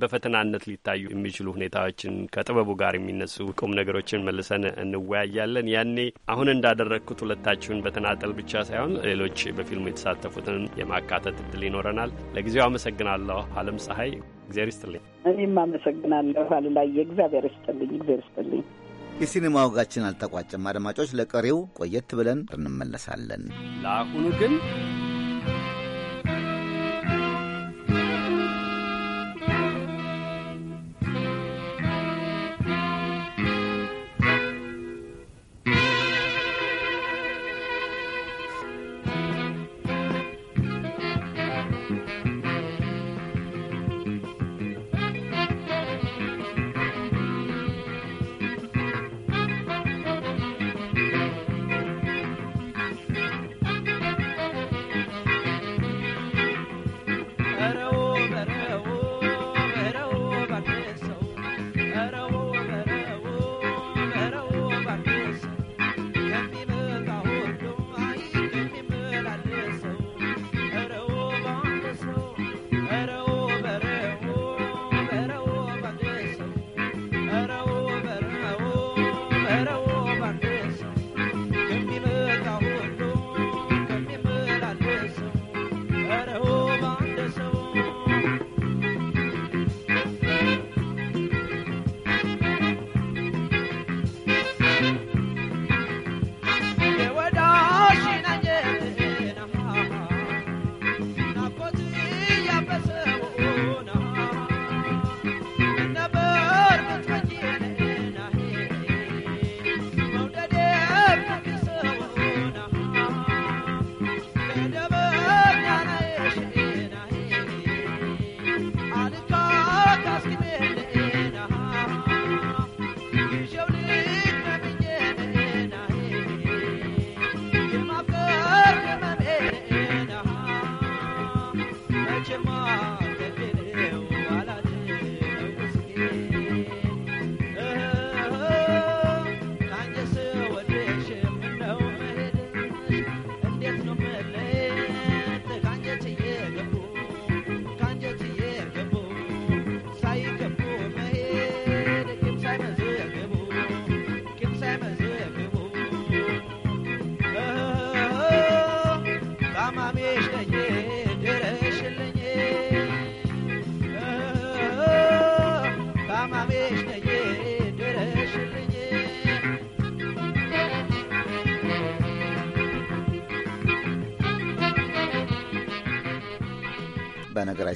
በፈተናነት ሊታዩ የሚችሉ ሁኔታዎችን ከጥበቡ ጋር የሚነሱ ቁም ነገሮችን መልሰን እንወያያለን። ያኔ አሁን እንዳደረግኩት ሁለታችሁን በተናጠል ብቻ ሳይሆን ሌሎች በፊልሙ የተሳተፉትን የማካተት እድል ይኖረናል። ለጊዜው አመሰግናለሁ። አለም ፀሐይ እግዚአብሔር ይስጥልኝ። እኔም አመሰግናለሁ አሉላዬ። እግዚአብሔር ይስጥልኝ። እግዚአብሔር ይስጥልኝ። የሲኔማ ወጋችን አልተቋጨም። አድማጮች፣ ለቀሪው ቆየት ብለን እንመለሳለን። ለአሁኑ ግን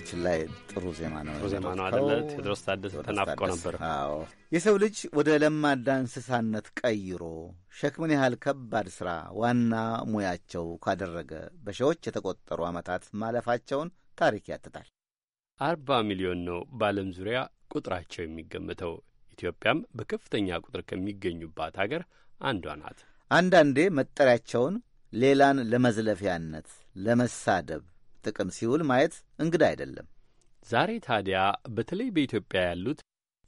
በነገራችን ላይ ጥሩ ዜማ ነው። ጥሩ ዜማ ነው አደለ? ቴድሮስ ታደሰ ተናፍቆ ነበር። አዎ የሰው ልጅ ወደ ለማዳ እንስሳነት ቀይሮ ሸክምን ያህል ከባድ ስራ ዋና ሙያቸው ካደረገ በሺዎች የተቆጠሩ ዓመታት ማለፋቸውን ታሪክ ያትታል። አርባ ሚሊዮን ነው በዓለም ዙሪያ ቁጥራቸው የሚገመተው። ኢትዮጵያም በከፍተኛ ቁጥር ከሚገኙባት አገር አንዷ ናት። አንዳንዴ መጠሪያቸውን ሌላን ለመዝለፊያነት፣ ለመሳደብ ጥቅም ሲውል ማየት እንግዳ አይደለም። ዛሬ ታዲያ በተለይ በኢትዮጵያ ያሉት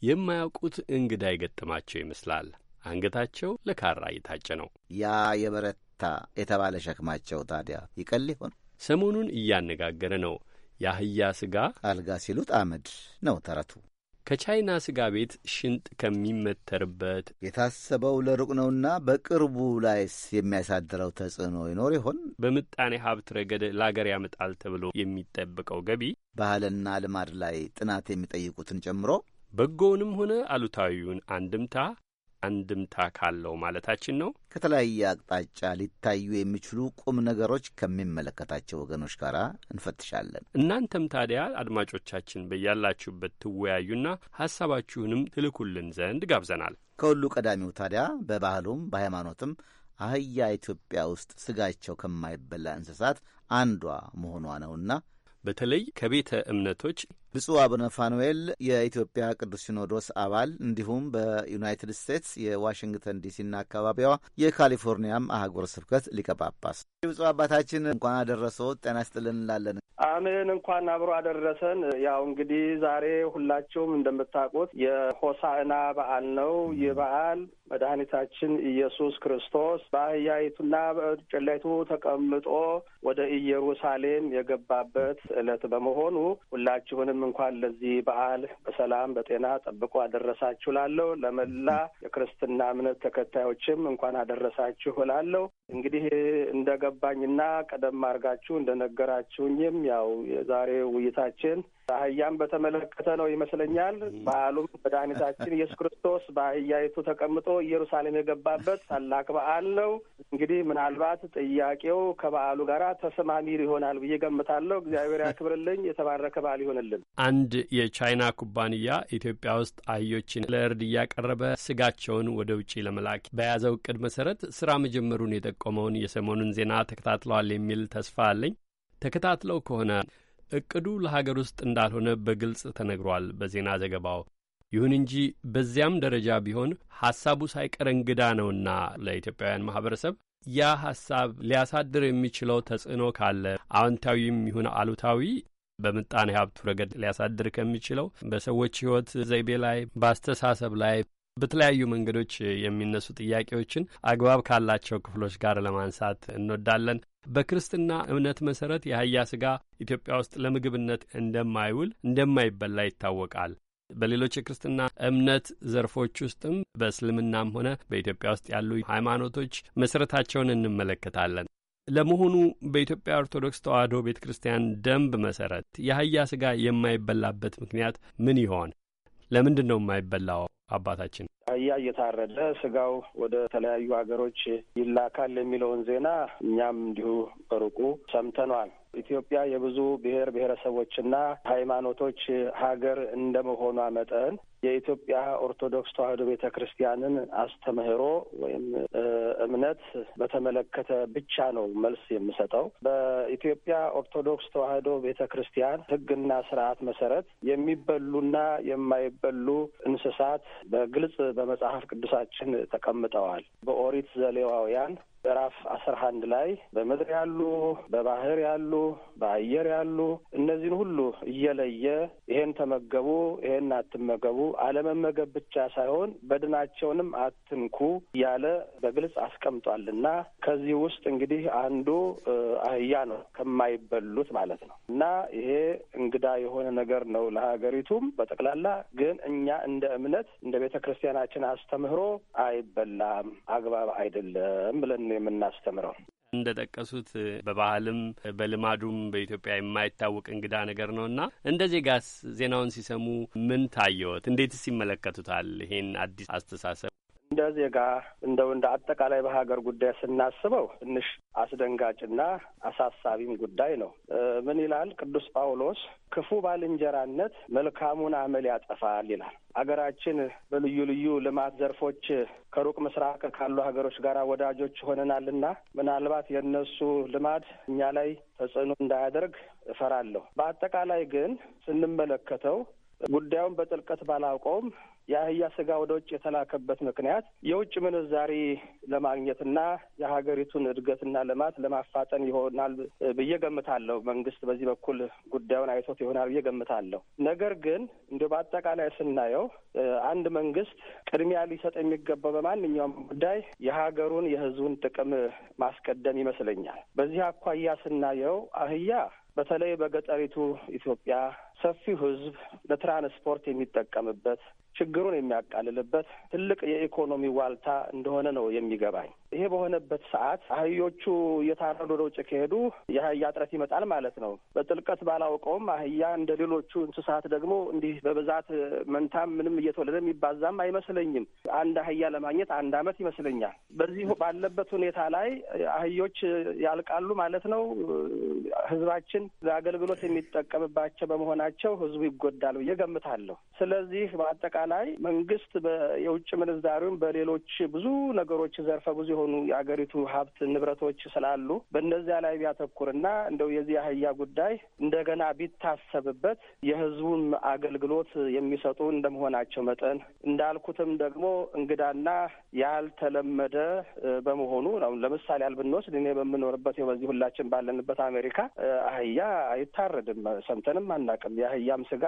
የማያውቁት እንግዳ የገጠማቸው ይመስላል። አንገታቸው ለካራ እየታጨ ነው። ያ የበረታ የተባለ ሸክማቸው ታዲያ ይቀል ይሆን? ሰሞኑን እያነጋገረ ነው። የአህያ ስጋ አልጋ ሲሉት አመድ ነው ተረቱ። ከቻይና ስጋ ቤት ሽንጥ ከሚመተርበት የታሰበው ለሩቅ ነውና በቅርቡ ላይስ የሚያሳድረው ተጽዕኖ ይኖር ይሆን? በምጣኔ ሀብት ረገድ ለአገር ያመጣል ተብሎ የሚጠበቀው ገቢ ባህልና ልማድ ላይ ጥናት የሚጠይቁትን ጨምሮ በጎውንም ሆነ አሉታዊውን አንድምታ አንድምታ ካለው ማለታችን ነው። ከተለያየ አቅጣጫ ሊታዩ የሚችሉ ቁም ነገሮች ከሚመለከታቸው ወገኖች ጋር እንፈትሻለን። እናንተም ታዲያ አድማጮቻችን በያላችሁበት ትወያዩና ሀሳባችሁንም ትልኩልን ዘንድ ጋብዘናል። ከሁሉ ቀዳሚው ታዲያ በባህሉም በሃይማኖትም አህያ ኢትዮጵያ ውስጥ ስጋቸው ከማይበላ እንስሳት አንዷ መሆኗ ነውና በተለይ ከቤተ እምነቶች ብፁዕ አቡነ ፋኑኤል የኢትዮጵያ ቅዱስ ሲኖዶስ አባል እንዲሁም በዩናይትድ ስቴትስ የዋሽንግተን ዲሲና አካባቢዋ የካሊፎርኒያም አህጉር ስብከት ሊቀጳጳስ ብፁዕ አባታችን እንኳን አደረሰ ጤና ስጥልን እንላለን። አሜን። እንኳን አብሮ አደረሰን። ያው እንግዲህ ዛሬ ሁላችሁም እንደምታውቁት የሆሳዕና በዓል ነው። ይህ በዓል መድኃኒታችን ኢየሱስ ክርስቶስ በአህያይቱና በጭላይቱ ተቀምጦ ወደ ኢየሩሳሌም የገባበት ዕለት በመሆኑ ሁላችሁንም እንኳን ለዚህ በዓል በሰላም በጤና ጠብቆ አደረሳችሁ ላለው ለመላ የክርስትና እምነት ተከታዮችም እንኳን አደረሳችሁ እላለሁ። እንግዲህ እንደገባኝና ቀደም አድርጋችሁ እንደነገራችሁኝም ያው የዛሬ ውይይታችን አህያም በተመለከተ ነው ይመስለኛል። በዓሉም መድኃኒታችን ኢየሱስ ክርስቶስ በአህያይቱ ተቀምጦ ኢየሩሳሌም የገባበት ታላቅ በዓል ነው። እንግዲህ ምናልባት ጥያቄው ከበዓሉ ጋር ተስማሚ ይሆናል ብዬ ገምታለሁ። እግዚአብሔር ያክብርልኝ። የተባረከ በዓል ይሆንልን። አንድ የቻይና ኩባንያ ኢትዮጵያ ውስጥ አህዮችን ለእርድ እያቀረበ ስጋቸውን ወደ ውጭ ለመላክ በያዘው እቅድ መሰረት ስራ መጀመሩን የጠቆመውን የሰሞኑን ዜና ተከታትለዋል የሚል ተስፋ አለኝ። ተከታትለው ከሆነ እቅዱ ለሀገር ውስጥ እንዳልሆነ በግልጽ ተነግሯል በዜና ዘገባው። ይሁን እንጂ በዚያም ደረጃ ቢሆን ሐሳቡ ሳይቀር እንግዳ ነውና ለኢትዮጵያውያን ማህበረሰብ ያ ሐሳብ ሊያሳድር የሚችለው ተጽዕኖ ካለ አዎንታዊም ይሁን አሉታዊ በምጣኔ ሀብቱ ረገድ ሊያሳድር ከሚችለው በሰዎች ሕይወት ዘይቤ ላይ፣ በአስተሳሰብ ላይ በተለያዩ መንገዶች የሚነሱ ጥያቄዎችን አግባብ ካላቸው ክፍሎች ጋር ለማንሳት እንወዳለን። በክርስትና እምነት መሰረት የአህያ ስጋ ኢትዮጵያ ውስጥ ለምግብነት እንደማይውል እንደማይበላ ይታወቃል። በሌሎች የክርስትና እምነት ዘርፎች ውስጥም በእስልምናም ሆነ በኢትዮጵያ ውስጥ ያሉ ሃይማኖቶች መሰረታቸውን እንመለከታለን። ለመሆኑ በኢትዮጵያ ኦርቶዶክስ ተዋሕዶ ቤተ ክርስቲያን ደንብ መሰረት የአህያ ስጋ የማይበላበት ምክንያት ምን ይሆን? ለምንድን ነው የማይበላው? አባታችን አህያ እየታረደ ስጋው ወደ ተለያዩ ሀገሮች ይላካል የሚለውን ዜና እኛም እንዲሁ በሩቁ ሰምተኗል። ኢትዮጵያ የብዙ ብሔር ብሔረሰቦችና ሃይማኖቶች ሀገር እንደመሆኗ መጠን የኢትዮጵያ ኦርቶዶክስ ተዋሕዶ ቤተ ክርስቲያንን አስተምህሮ ወይም እምነት በተመለከተ ብቻ ነው መልስ የምሰጠው። በኢትዮጵያ ኦርቶዶክስ ተዋሕዶ ቤተ ክርስቲያን ሕግና ስርዓት መሰረት የሚበሉና የማይበሉ እንስሳት በግልጽ በመጽሐፍ ቅዱሳችን ተቀምጠዋል። በኦሪት ዘሌዋውያን ምዕራፍ አስራ አንድ ላይ በምድር ያሉ፣ በባህር ያሉ፣ በአየር ያሉ እነዚህን ሁሉ እየለየ ይሄን ተመገቡ፣ ይሄን አትመገቡ አለመመገብ ብቻ ሳይሆን በድናቸውንም አትንኩ እያለ በግልጽ አስቀምጧል እና ከዚህ ውስጥ እንግዲህ አንዱ አህያ ነው ከማይበሉት ማለት ነው እና ይሄ እንግዳ የሆነ ነገር ነው ለሀገሪቱም በጠቅላላ ግን እኛ እንደ እምነት እንደ ቤተ ክርስቲያናችን አስተምህሮ አይበላም፣ አግባብ አይደለም ብለን የምናስተምረው። እንደ ጠቀሱት በባህልም በልማዱም በኢትዮጵያ የማይታወቅ እንግዳ ነገር ነው እና እንደ ዜጋስ ዜናውን ሲሰሙ ምን ታየዎት? እንዴትስ ይመለከቱታል? ይሄን አዲስ አስተሳሰብ እንደ ዜጋ እንደው እንደ አጠቃላይ በሀገር ጉዳይ ስናስበው ትንሽ አስደንጋጭና አሳሳቢም ጉዳይ ነው። ምን ይላል ቅዱስ ጳውሎስ? ክፉ ባልንጀራነት መልካሙን አመል ያጠፋል ይላል። አገራችን በልዩ ልዩ ልማት ዘርፎች ከሩቅ ምስራቅ ካሉ ሀገሮች ጋር ወዳጆች ሆነናልና ምናልባት የእነሱ ልማድ እኛ ላይ ተጽዕኖ እንዳያደርግ እፈራለሁ። በአጠቃላይ ግን ስንመለከተው ጉዳዩን በጥልቀት ባላውቀውም የአህያ ስጋ ወደ ውጭ የተላከበት ምክንያት የውጭ ምንዛሪ ለማግኘትና የሀገሪቱን እድገትና ልማት ለማፋጠን ይሆናል ብዬ ገምታለሁ። መንግስት በዚህ በኩል ጉዳዩን አይቶት ይሆናል ብዬ ገምታለሁ። ነገር ግን እንዲሁ በአጠቃላይ ስናየው አንድ መንግስት ቅድሚያ ሊሰጥ የሚገባው በማንኛውም ጉዳይ የሀገሩን የህዝቡን ጥቅም ማስቀደም ይመስለኛል። በዚህ አኳያ ስናየው አህያ በተለይ በገጠሪቱ ኢትዮጵያ ሰፊው ህዝብ ለትራንስፖርት የሚጠቀምበት ችግሩን የሚያቃልልበት ትልቅ የኢኮኖሚ ዋልታ እንደሆነ ነው የሚገባኝ። ይሄ በሆነበት ሰዓት አህዮቹ እየታረዱ ወደ ውጭ ከሄዱ የአህያ እጥረት ይመጣል ማለት ነው። በጥልቀት ባላውቀውም አህያ እንደ ሌሎቹ እንስሳት ደግሞ እንዲህ በብዛት መንታም ምንም እየተወለደ የሚባዛም አይመስለኝም። አንድ አህያ ለማግኘት አንድ ዓመት ይመስለኛል። በዚህ ባለበት ሁኔታ ላይ አህዮች ያልቃሉ ማለት ነው። ህዝባችን ለአገልግሎት የሚጠቀምባቸው በመሆናቸው መሆናቸው ህዝቡ ይጎዳል ብዬ ገምታለሁ። ስለዚህ በአጠቃላይ መንግስት የውጭ ምንዛሪውን በሌሎች ብዙ ነገሮች ዘርፈ ብዙ የሆኑ የአገሪቱ ሀብት ንብረቶች ስላሉ በእነዚያ ላይ ቢያተኩርና እንደው የዚህ አህያ ጉዳይ እንደገና ቢታሰብበት የህዝቡን አገልግሎት የሚሰጡ እንደመሆናቸው መጠን እንዳልኩትም ደግሞ እንግዳና ያልተለመደ በመሆኑ ነው። ለምሳሌ ያህል ብንወስድ እኔ በምኖርበት በዚህ ሁላችን ባለንበት አሜሪካ አህያ አይታረድም፣ ሰምተንም አናውቅም። የአህያም ስጋ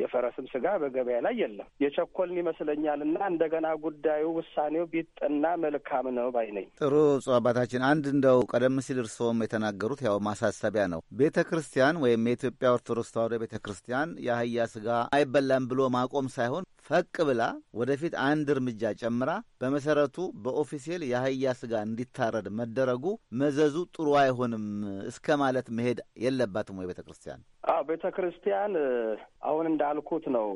የፈረስም ስጋ በገበያ ላይ የለም። የቸኮልን ይመስለኛል እና እንደገና ጉዳዩ ውሳኔው ቢጠና መልካም ነው ባይ ነኝ። ጥሩ ጽ አባታችን፣ አንድ እንደው ቀደም ሲል እርስዎም የተናገሩት ያው ማሳሰቢያ ነው። ቤተ ክርስቲያን ወይም የኢትዮጵያ ኦርቶዶክስ ተዋህዶ ቤተ ክርስቲያን የአህያ ስጋ አይበላም ብሎ ማቆም ሳይሆን ፈቅ ብላ ወደፊት አንድ እርምጃ ጨምራ በመሰረቱ በኦፊሴል የአህያ ስጋ እንዲታረድ መደረጉ መዘዙ ጥሩ አይሆንም እስከ ማለት መሄድ የለባትም ወይ ቤተ ክርስቲያን? አዎ ቤተ ክርስቲያን አሁን እንዳልኩት ነው።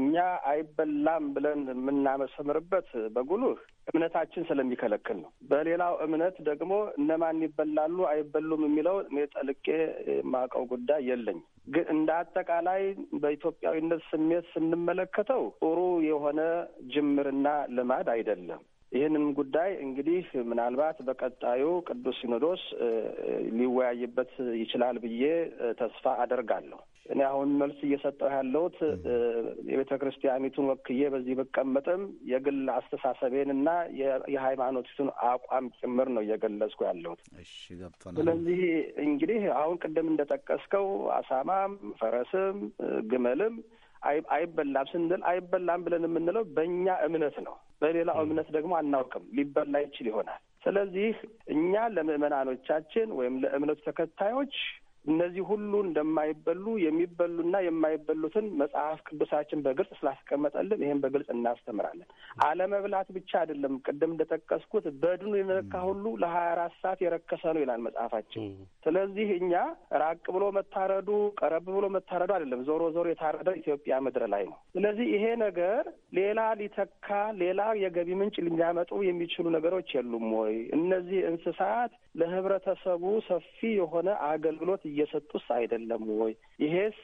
እኛ አይበላም ብለን የምናመሰምርበት በጉልህ እምነታችን ስለሚከለክል ነው። በሌላው እምነት ደግሞ እነማን ይበላሉ አይበሉም የሚለው እኔ ጠልቄ የማውቀው ጉዳይ የለኝም። ግን እንደ አጠቃላይ በኢትዮጵያዊነት ስሜት ስንመለከተው ጥሩ የሆነ ጅምርና ልማድ አይደለም። ይህንን ጉዳይ እንግዲህ ምናልባት በቀጣዩ ቅዱስ ሲኖዶስ ሊወያይበት ይችላል ብዬ ተስፋ አደርጋለሁ። እኔ አሁን መልስ እየሰጠሁ ያለሁት የቤተ ክርስቲያኒቱን ወክዬ በዚህ ብቀመጥም የግል አስተሳሰቤን እና የሃይማኖቲቱን አቋም ጭምር ነው እየገለጽኩ ያለሁት። ስለዚህ እንግዲህ አሁን ቅድም እንደጠቀስከው አሳማም፣ ፈረስም ግመልም አይበላም ስንል አይበላም ብለን የምንለው በእኛ እምነት ነው። በሌላው እምነት ደግሞ አናውቅም፣ ሊበላ ይችል ይሆናል። ስለዚህ እኛ ለምእመናኖቻችን ወይም ለእምነቱ ተከታዮች እነዚህ ሁሉ እንደማይበሉ የሚበሉና የማይበሉትን መጽሐፍ ቅዱሳችን በግልጽ ስላስቀመጠልን ይህን በግልጽ እናስተምራለን። አለመብላት ብቻ አይደለም። ቅድም እንደጠቀስኩት በድኑ የነካ ሁሉ ለሀያ አራት ሰዓት የረከሰ ነው ይላል መጽሐፋችን። ስለዚህ እኛ ራቅ ብሎ መታረዱ ቀረብ ብሎ መታረዱ አይደለም። ዞሮ ዞሮ የታረደ ኢትዮጵያ ምድር ላይ ነው። ስለዚህ ይሄ ነገር ሌላ ሊተካ ሌላ የገቢ ምንጭ ሊያመጡ የሚችሉ ነገሮች የሉም ወይ? እነዚህ እንስሳት ለህብረተሰቡ ሰፊ የሆነ አገልግሎት እየሰጡስ አይደለም ወይ? ይሄስ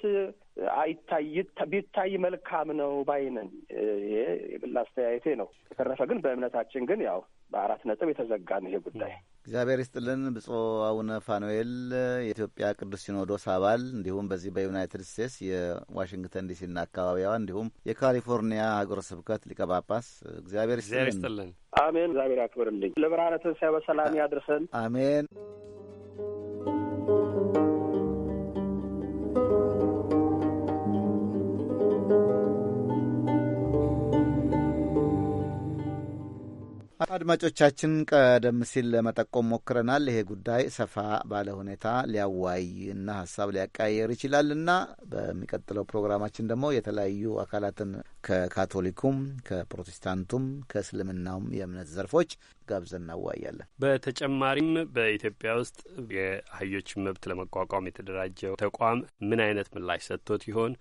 አይታይ ቢታይ መልካም ነው ባይነን ነኝ። የግል አስተያየቴ ነው። በተረፈ ግን በእምነታችን ግን ያው በአራት ነጥብ የተዘጋ ነው ይሄ ጉዳይ። እግዚአብሔር ይስጥልን ብፁዕ አቡነ ፋኑኤል የኢትዮጵያ ቅዱስ ሲኖዶስ አባል እንዲሁም በዚህ በዩናይትድ ስቴትስ የዋሽንግተን ዲሲና አካባቢዋ እንዲሁም የካሊፎርኒያ ሀገረ ስብከት ሊቀ ጳጳስ እግዚአብሔር ይስጥልን። አሜን። እግዚአብሔር ያክብርልኝ። ለብርሃነ ትንሣኤው በሰላም ያድርሰን። አሜን። አድማጮቻችን ቀደም ሲል ለመጠቆም ሞክረናል። ይሄ ጉዳይ ሰፋ ባለ ሁኔታ ሊያዋይ እና ሀሳብ ሊያቀያየር ይችላል እና በሚቀጥለው ፕሮግራማችን ደግሞ የተለያዩ አካላትን ከካቶሊኩም፣ ከፕሮቴስታንቱም፣ ከእስልምናውም የእምነት ዘርፎች ጋብዘን እናዋያለን። በተጨማሪም በኢትዮጵያ ውስጥ የአህዮችን መብት ለመቋቋም የተደራጀው ተቋም ምን አይነት ምላሽ ሰጥቶት ይሆን?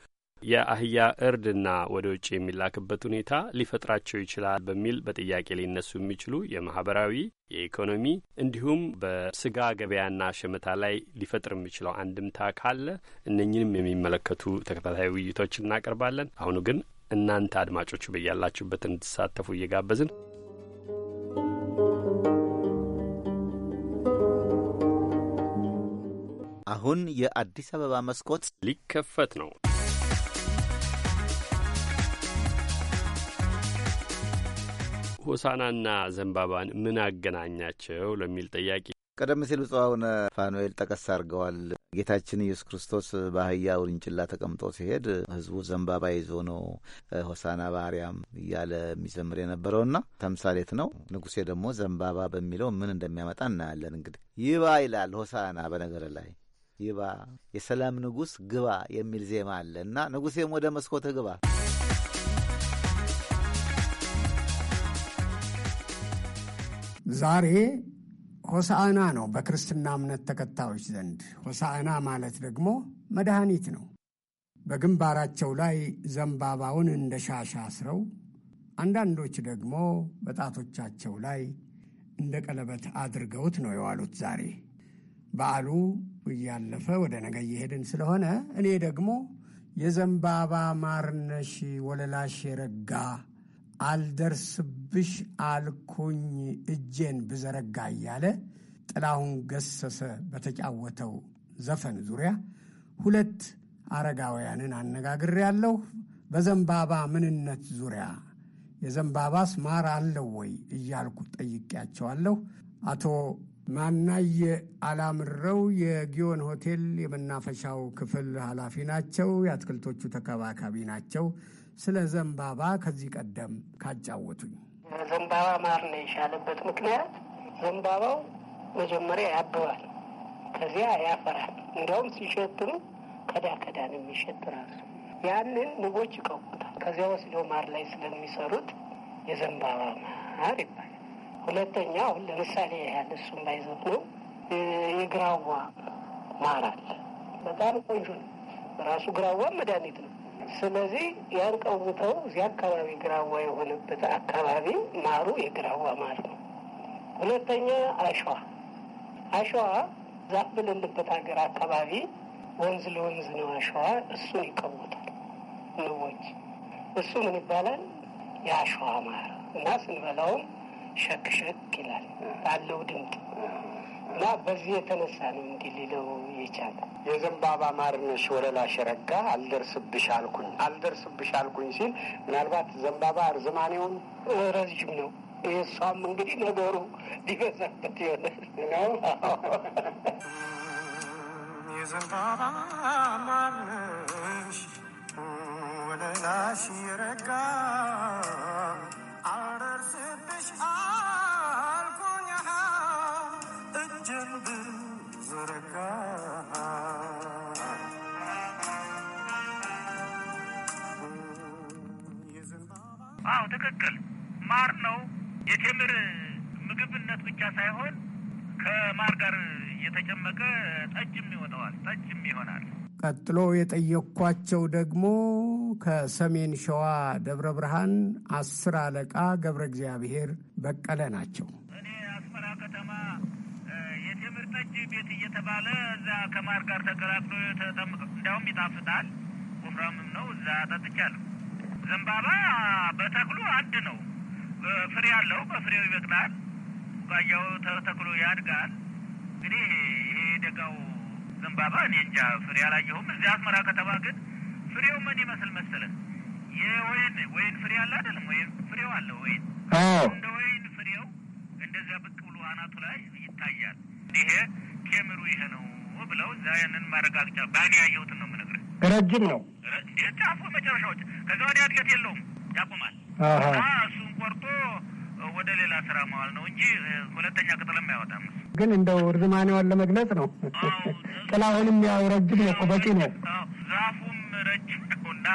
የአህያ እርድና ወደ ውጭ የሚላክበት ሁኔታ ሊፈጥራቸው ይችላል በሚል በጥያቄ ሊነሱ የሚችሉ የማህበራዊ፣ የኢኮኖሚ እንዲሁም በስጋ ገበያና ሸመታ ላይ ሊፈጥር የሚችለው አንድምታ ካለ እነኝንም የሚመለከቱ ተከታታይ ውይይቶች እናቀርባለን። አሁኑ ግን እናንተ አድማጮቹ በያላችሁበት እንድትሳተፉ እየጋበዝን አሁን የአዲስ አበባ መስኮት ሊከፈት ነው። ሆሳናና ዘንባባን ምን አገናኛቸው ለሚል ጥያቄ ቀደም ሲል ብፁዕ አቡነ ፋኑኤል ጠቀስ አድርገዋል። ጌታችን ኢየሱስ ክርስቶስ በአህያ ውርንጭላ ተቀምጦ ሲሄድ ሕዝቡ ዘንባባ ይዞ ነው ሆሳና በአርያም እያለ የሚዘምር የነበረውና ተምሳሌት ነው። ንጉሴ ደግሞ ዘንባባ በሚለው ምን እንደሚያመጣ እናያለን። እንግዲህ ይባ ይላል ሆሳና። በነገር ላይ ይባ የሰላም ንጉሥ ግባ የሚል ዜማ አለ እና ንጉሴም ወደ መስኮት ግባ ዛሬ ሆሳዕና ነው በክርስትና እምነት ተከታዮች ዘንድ። ሆሳዕና ማለት ደግሞ መድኃኒት ነው። በግንባራቸው ላይ ዘንባባውን እንደ ሻሻ አስረው፣ አንዳንዶች ደግሞ በጣቶቻቸው ላይ እንደ ቀለበት አድርገውት ነው የዋሉት። ዛሬ በዓሉ እያለፈ ወደ ነገ እየሄድን ስለሆነ እኔ ደግሞ የዘንባባ ማርነሽ ወለላሽ የረጋ አልደርስ ልብሽ አልኩኝ እጄን ብዘረጋ እያለ ጥላሁን ገሰሰ በተጫወተው ዘፈን ዙሪያ ሁለት አረጋውያንን አነጋግሬያለሁ። በዘንባባ ምንነት ዙሪያ የዘንባባስ ማር አለው ወይ እያልኩ ጠይቄያቸዋለሁ። አቶ ማናየ አላምረው የጊዮን ሆቴል የመናፈሻው ክፍል ኃላፊ ናቸው። የአትክልቶቹ ተከባካቢ ናቸው። ስለ ዘንባባ ከዚህ ቀደም ካጫወቱኝ ዘንባባ ማር ነው የሻለበት ምክንያት ዘንባባው መጀመሪያ ያብባል፣ ከዚያ ያፈራል። እንዲያውም ሲሸትም ከዳ ከዳ ነው የሚሸት ራሱ። ያንን ንቦች ይቀቁታል። ከዚያ ወስደው ማር ላይ ስለሚሰሩት የዘንባባ ማር ይባላል። ሁለተኛ አሁን ለምሳሌ ያህል እሱም ባይዘት ነው የግራዋ ማር አለ። በጣም ቆንጆ ነው። ራሱ ግራዋ መድኃኒት ነው። ስለዚህ ያንቀውተው እዚ እዚህ አካባቢ ግራዋ የሆነበት አካባቢ ማሩ የግራዋ ማር ነው። ሁለተኛ አሸዋ አሸዋ ዛፍ በሌለበት ሀገር አካባቢ ወንዝ ለወንዝ ነው አሸዋ። እሱን ይቀውታል ንቦች። እሱ ምን ይባላል? የአሸዋ ማር እና ስንበላውም ሸክ ሸክ ይላል አለው ድምፅ እና በዚህ የተነሳ ነው እንዲህ ሊለው የቻለ የዘንባባ ማርነሽ ወለላሽ ረጋ አልደርስብሽ አልኩኝ አልደርስብሽ አልኩኝ ሲል ምናልባት ዘንባባ እርዝማኔውን ረዥም ነው። የእሷም እንግዲህ ነገሩ ሊበዛበት ይሆናል ነው የዘንባባ ማርነሽ ወለላ ሸረጋ አልደርስብሽ አዎ ትክክል። ማር ነው የቴምር ምግብነት ብቻ ሳይሆን ከማር ጋር የተጨመቀ ጠጅም ይወጣዋል፣ ጠጅም ይሆናል። ቀጥሎ የጠየኳቸው ደግሞ ከሰሜን ሸዋ ደብረ ብርሃን አስር አለቃ ገብረ እግዚአብሔር በቀለ ናቸው። እኔ አስመራ ከተማ የቴምር ጠጅ ቤት እየተባለ እዛ ከማር ጋር ተቀላቅሎ ተጠምቀ እንዲያውም ይጣፍጣል፣ ወፍራምም ነው። እዛ ጠጥቻለሁ። ዘንባባ በተክሉ አንድ ነው። ፍሬ ያለው በፍሬው ይበቅላል። ጓያው ተተክሎ ያድጋል። እንግዲህ ይሄ ደጋው ዘንባባ እኔ እንጃ ፍሬ አላየሁም። እዚህ አስመራ ከተማ ግን ፍሬው ምን ይመስል መሰለህ? የወይን ወይን ፍሬ አለ አይደለም? ወይን ፍሬው አለ ወይን እንደ ወይን ፍሬው እንደዚያ ብቅ ብሎ አናቱ ላይ ይታያል። ይሄ ኬምሩ ይሄ ነው ብለው እዛ ያንን ማረጋግጫ በአይኔ ያየሁትን ነው የምነግርህ ረጅም ነው። የጫፉ መጨረሻዎች ከዛ ወዲያ እድገት የለውም፣ ያቁማል? እሱን ቆርጦ ወደ ሌላ ስራ መዋል ነው እንጂ ሁለተኛ ቅጥልም አያወጣም። ግን እንደው ርዝማኔዋን ለመግለጽ ነው። ጥላሁንም ያው ረጅም ነው፣ በቂ ነው። ዛፉም ረጅም ነውና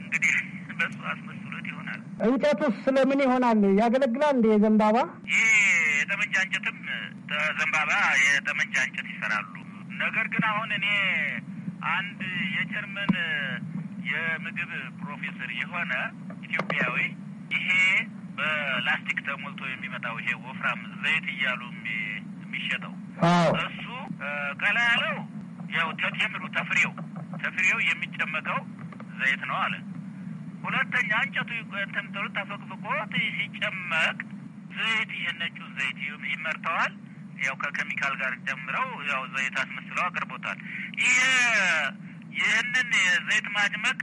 እንግዲህ በሱ አስመስሎት ይሆናል። እንጨቱስ ስለምን ይሆናል? ያገለግላል እንደ የዘንባባ ይህ የጠመንጃ እንጨትም ዘንባባ የጠመንጃ እንጨት ይሰራሉ። ነገር ግን አሁን እኔ አንድ የጀርመን የምግብ ፕሮፌሰር የሆነ ኢትዮጵያዊ ይሄ በላስቲክ ተሞልቶ የሚመጣው ይሄ ወፍራም ዘይት እያሉ የሚሸጠው እሱ ቀላ ያለው ያው ተቴምሩ ተፍሬው ተፍሬው የሚጨመቀው ዘይት ነው አለ። ሁለተኛ እንጨቱ ተምጠሩ ተፈቅፍቆ ሲጨመቅ ዘይት ይሄ ነጩን ዘይት ይመርተዋል። ያው ከኬሚካል ጋር ጀምረው ያው ዘይት አስመስለው አቅርቦታል። ይህ ይህንን የዘይት ማድመቅ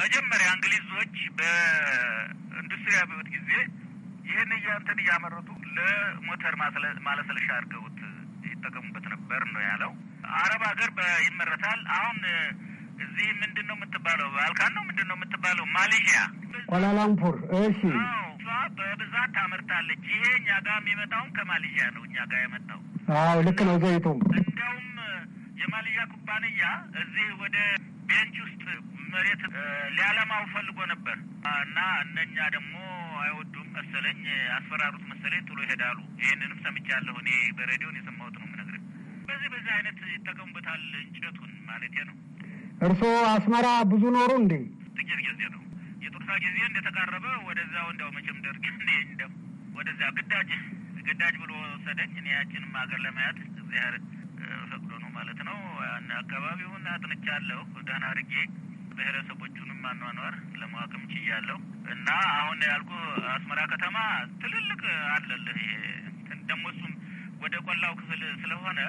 መጀመሪያ እንግሊዞች በኢንዱስትሪ አብዮት ጊዜ ይህን እያንትን እያመረቱ ለሞተር ማለስለሻ አድርገውት ይጠቀሙበት ነበር ነው ያለው። አረብ ሀገር ይመረታል። አሁን እዚህ ምንድን ነው የምትባለው? ባልካን ነው ምንድን ነው የምትባለው? ማሌዥያ፣ ኳላላምፑር። እሺ በብዛት ታመርታለች። ይሄ እኛ ጋር የሚመጣውን ከማሌዥያ ነው። እኛ ጋር የመጣው አዎ፣ ልክ ነው ዘይቱ። እንደውም የማሌዥያ ኩባንያ እዚህ ወደ ቤንች ውስጥ መሬት ሊያለማው ፈልጎ ነበር እና እነኛ ደግሞ አይወዱም መሰለኝ፣ አስፈራሩት መሰለኝ፣ ጥሎ ይሄዳሉ። ይህንንም ሰምቻለሁ እኔ በሬዲዮን የሰማሁት ነው የምነግርህ። በዚህ በዚህ አይነት ይጠቀሙበታል እንጨቱን ማለት ነው። እርስዎ አስመራ ብዙ ኖሩ እንዴ? ጥቂት ጊዜ ነው የጡርሳ ጊዜ እንደተቃረበ ወደዛው እንደው መቼም ደርግ እንደ ወደዛ ግዳጅ ግዳጅ ብሎ ወሰደኝ። እኔ ያችንም ሀገር ለማየት እግዚአብሔር ፈቅዶ ነው ማለት ነው። አካባቢውን አጥንቻለሁ ደህና አድርጌ ብሔረሰቦቹንም አኗኗር ለማወቅም ችያለሁ እና አሁን ያልኩ አስመራ ከተማ ትልልቅ አለልህ ደግሞ እሱም ወደ ቆላው ክፍል ስለሆነ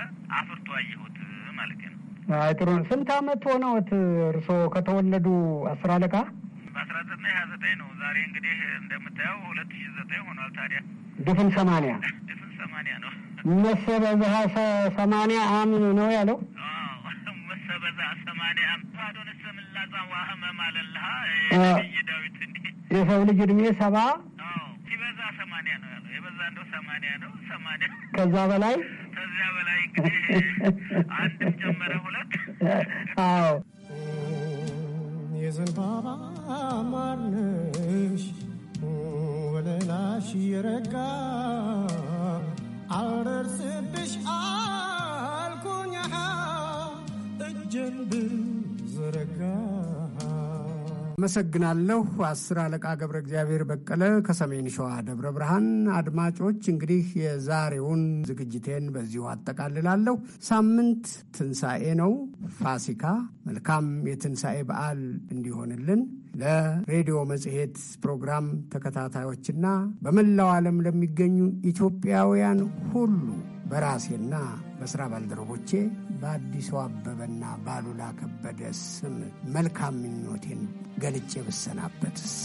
አፍርቶ አየሁት ማለት ነው። አይ ጥሩ ስንት አመት ሆነዎት እርስዎ ከተወለዱ አስራ አለቃ? በአስራ ዘጠኝ ሀያ ዘጠኝ ነው። ዛሬ እንግዲህ እንደምታየው ሁለት ሺ ዘጠኝ ሆኗል። ታዲያ ድፍን ሰማንያ ድፍን ሰማንያ ነው መሰበ ዘሀ ሰማንያ አም ነው ያለው መሰበ ዘሀ ሰማንያ አም አዶንስ ምላጻ ዋህመም አለልሃ ነቢይ ዳዊት እንዲ የሰው ልጅ እድሜ ሰባ ሲበዛ ሰማንያ ነው ያለው። የበዛ እንደው ሰማንያ ነው ሰማንያ ከዛ በላይ ከዚያ በላይ እንግዲህ አንድም ጀመረ ሁለት አዎ የዘንባባ ማርነሽ ወለላሽ የረጋ አልደርስብሽ አልኩኛ እጀን ብዘረጋ አመሰግናለሁ። አስር አለቃ ገብረ እግዚአብሔር በቀለ ከሰሜን ሸዋ ደብረ ብርሃን። አድማጮች እንግዲህ የዛሬውን ዝግጅቴን በዚሁ አጠቃልላለሁ። ሳምንት ትንሣኤ ነው፣ ፋሲካ። መልካም የትንሣኤ በዓል እንዲሆንልን ለሬዲዮ መጽሔት ፕሮግራም ተከታታዮችና በመላው ዓለም ለሚገኙ ኢትዮጵያውያን ሁሉ በራሴና በሥራ ባልደረቦቼ በአዲሱ አበበና ባሉላ ከበደ ስም መልካም ምኞቴን ገልጬ ብሰናበትስ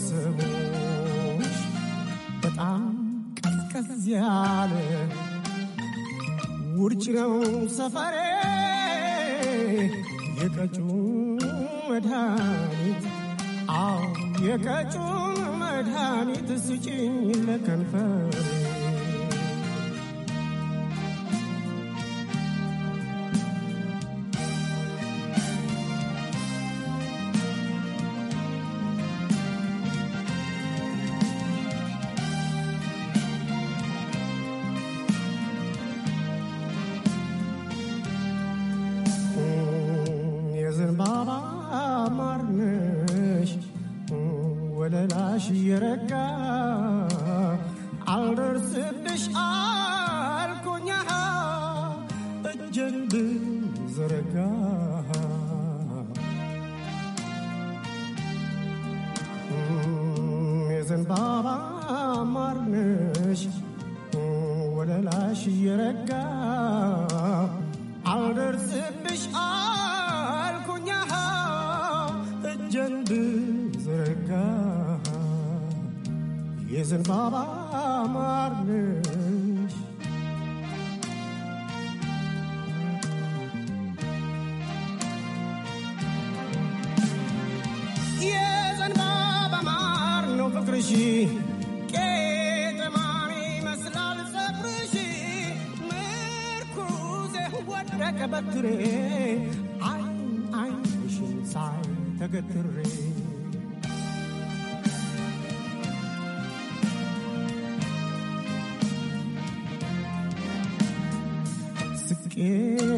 ቤተሰቦች በጣም ቀዝቀዝ ያለ ውርጭ ነው ሰፈሬ የቀጩ መድኃኒት አዎ የቀጩ መድኃኒት ስጭኝ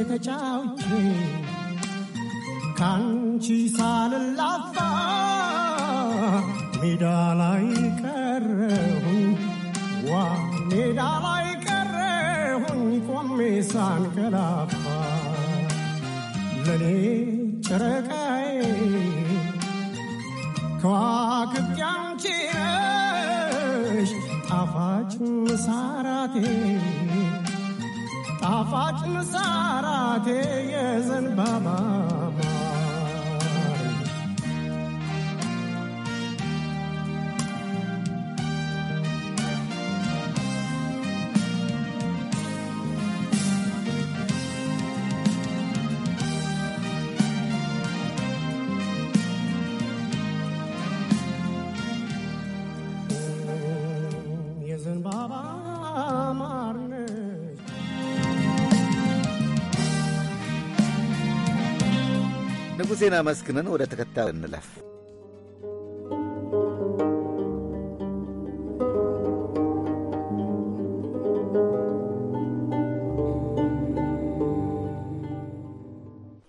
ተጫውቼ ካንቺ ሳልላፋ ሜዳ ላይ ቀረሁ ዋ ሜዳ ላይ ቀረሁኝ ቆሜ ሳንገላፋ ለኔ ጨረቃዬ ከዋክብት ያንቺ ነሽ ጣፋጭ ሳራቴ ጣፋጭ ንሳራቴ የዘንባባ ዜና መስክንን ወደ ተከታዩ እንለፍ።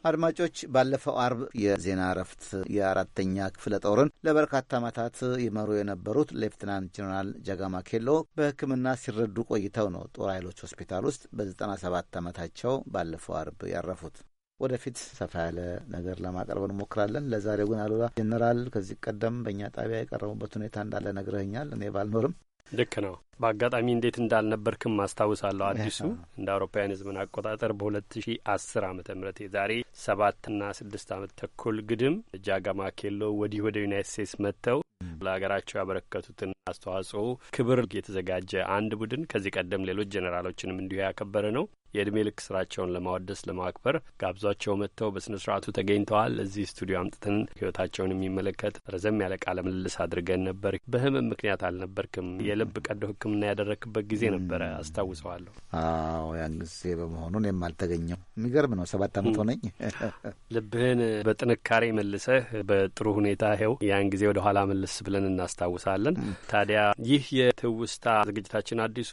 አድማጮች ባለፈው አርብ የዜና እረፍት የአራተኛ ክፍለ ጦርን ለበርካታ ዓመታት ይመሩ የነበሩት ሌፍትናንት ጀኔራል ጃጋማ ኬሎ በሕክምና ሲረዱ ቆይተው ነው ጦር ኃይሎች ሆስፒታል ውስጥ በ97 ዓመታቸው ባለፈው አርብ ያረፉት። ወደፊት ሰፋ ያለ ነገር ለማቅረብ እንሞክራለን። ለዛሬው ግን አሉላ ጀነራል ከዚህ ቀደም በእኛ ጣቢያ የቀረቡበት ሁኔታ እንዳለ ነግረኸኛል። እኔ ባልኖርም ልክ ነው። በአጋጣሚ እንዴት እንዳልነበርክም ማስታውሳለሁ። አዲሱ እንደ አውሮፓውያን የዘመን አቆጣጠር በሁለት ሺ አስር አመተ ምህረት የዛሬ ሰባትና ስድስት አመት ተኩል ግድም ጃጋማ ኬሎ ወዲህ ወደ ዩናይት ስቴትስ መጥተው ለሀገራቸው ያበረከቱትን አስተዋጽኦ ክብር የተዘጋጀ አንድ ቡድን ከዚህ ቀደም ሌሎች ጀኔራሎችንም እንዲሁ ያከበረ ነው። የእድሜ ልክ ስራቸውን ለማወደስ ለማክበር ጋብዟቸው መጥተው በስነ ስርአቱ ተገኝተዋል። እዚህ ስቱዲዮ አምጥተን ህይወታቸውን የሚመለከት ረዘም ያለ ቃለ ምልልስ አድርገን ነበር። በህመም ምክንያት አልነበርክም። የልብ ቀዶ ህክምና ያደረክበት ጊዜ ነበረ አስታውሰዋለሁ። አዎ ያን ጊዜ በመሆኑ እኔም አልተገኘው። የሚገርም ነው። ሰባት አመት ሆነኝ። ልብህን በጥንካሬ መልሰህ በጥሩ ሁኔታ ሄው ያን ጊዜ ወደ ኋላ መልስ ብለን እናስታውሳለን። ታዲያ ይህ የትውስታ ዝግጅታችን አዲሱ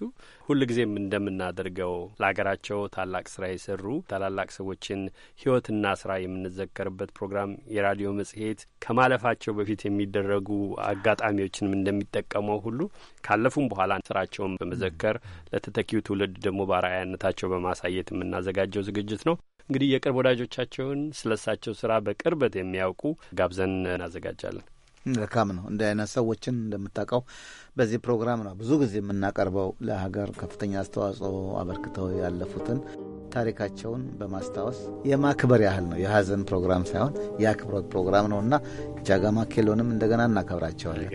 ሁልጊዜም እንደምናደርገው ለሀገራቸው ታላቅ ስራ የሰሩ ታላላቅ ሰዎችን ህይወትና ስራ የምንዘከርበት ፕሮግራም የራዲዮ መጽሔት ከማለፋቸው በፊት የሚደረጉ አጋጣሚዎችንም እንደሚጠቀመው ሁሉ ካለፉም በኋላ ስራቸውን በመዘከር ለተተኪው ትውልድ ደግሞ በአርአያነታቸው በማሳየት የምናዘጋጀው ዝግጅት ነው። እንግዲህ የቅርብ ወዳጆቻቸውን ስለሳቸው ስራ በቅርበት የሚያውቁ ጋብዘን እናዘጋጃለን። መልካም ነው። እንደ አይነት ሰዎችን እንደምታውቀው በዚህ ፕሮግራም ነው ብዙ ጊዜ የምናቀርበው ለሀገር ከፍተኛ አስተዋጽኦ አበርክተው ያለፉትን ታሪካቸውን በማስታወስ የማክበር ያህል ነው። የሀዘን ፕሮግራም ሳይሆን የአክብሮት ፕሮግራም ነው እና ጃጋማ ኬሎንም እንደገና እናከብራቸዋለን።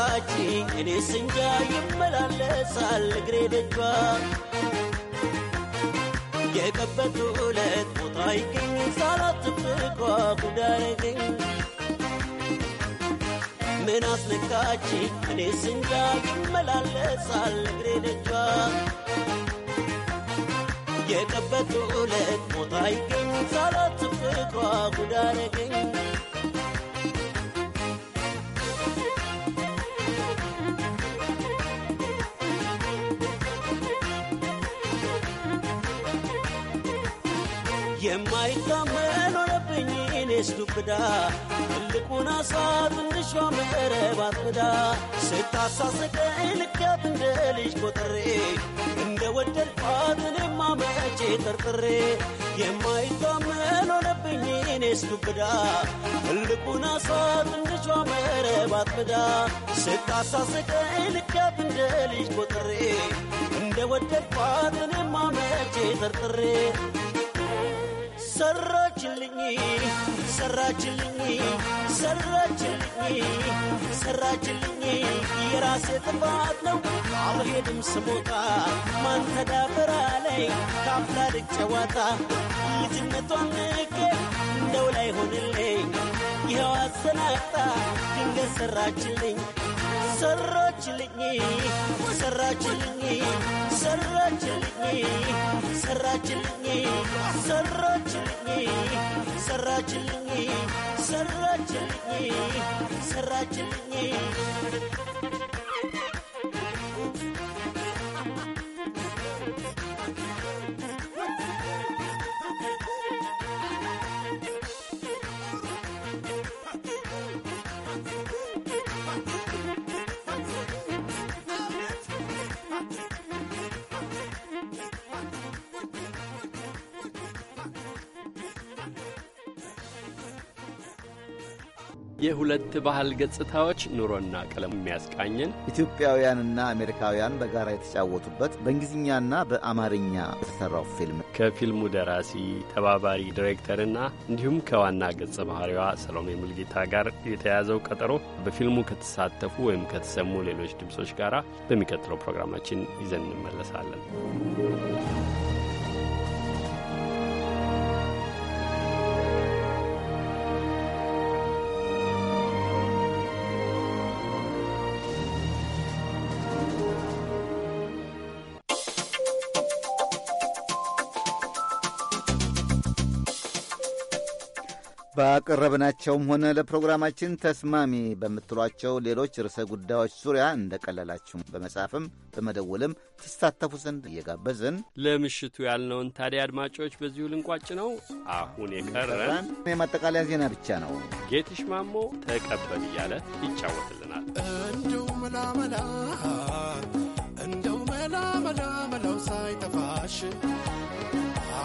ተጋጭ እኔ ስንጃ ይመላለሳል እግሬ ደጇ የቀበቱ ዕለት ቦታ ይገኝ ሳላት ፍቅሯ ጉዳረገኝ ምን አስነካች እኔስ እንጃ ይመላለሳል እግሬ ደጇ የቀበቱ ዕለት ቦታ ይገኝ ሳላት ፍቅሯ ጉዳረገኝ የሱ ብዳ ትልቁን አሳ ትንሿ መረብ አጥምዳ ስታሳስቀኝ ልካት እንደ ልጅ ቆጥሬ እንደ ወደድኳት እኔማ መቼ ጠርጥሬ የማይታመን ሆነብኝ እኔስ ዱብዳ ትልቁን አሳ ትንሿ መረብ አጥምዳ ስታሳስቀኝ ልካት እንደ ልጅ ቆጥሬ እንደ ወደድኳት እኔማ መቼ ጠርጥሬ ሰራችልኝ ሰራችልኝ ሰራችልኝ ሰራችልኝ የራሴ ጥፋት ነው አልሄድም ስሞታ ማን ተዳፈራ ላይ ካፍላ ጨዋታ ልጅነቷን ንቄ እንደው ላይ ሆንልኝ ይኸው አሰናጣ ድንገት ሰራችልኝ ሰራችልኝ ሰራችልኝ ሰራችልኝ ሰራችልኝ ሰራችልኝ ሰራችልኝ ሰራችልኝ ሰራችልኝ የሁለት ባህል ገጽታዎች ኑሮና ቀለም የሚያስቃኝን ኢትዮጵያውያንና አሜሪካውያን በጋራ የተጫወቱበት በእንግሊዝኛና በአማርኛ የተሰራው ፊልም ከፊልሙ ደራሲ ተባባሪ ዲሬክተርና እንዲሁም ከዋና ገጸ ባህሪዋ ሰሎሜ ሙልጌታ ጋር የተያዘው ቀጠሮ በፊልሙ ከተሳተፉ ወይም ከተሰሙ ሌሎች ድምጾች ጋር በሚቀጥለው ፕሮግራማችን ይዘን እንመለሳለን። ባቀረብናቸውም ሆነ ለፕሮግራማችን ተስማሚ በምትሏቸው ሌሎች ርዕሰ ጉዳዮች ዙሪያ እንደቀለላችሁ በመጻፍም በመደወልም ትሳተፉ ዘንድ እየጋበዝን ለምሽቱ ያልነውን ታዲያ አድማጮች በዚሁ ልንቋጭ ነው። አሁን የቀረን የማጠቃለያ ዜና ብቻ ነው። ጌትሽ ማሞ ተቀበል እያለ ይጫወትልናል። እንደው መላመላ እንደው መላመላ መላው ሳይጠፋሽ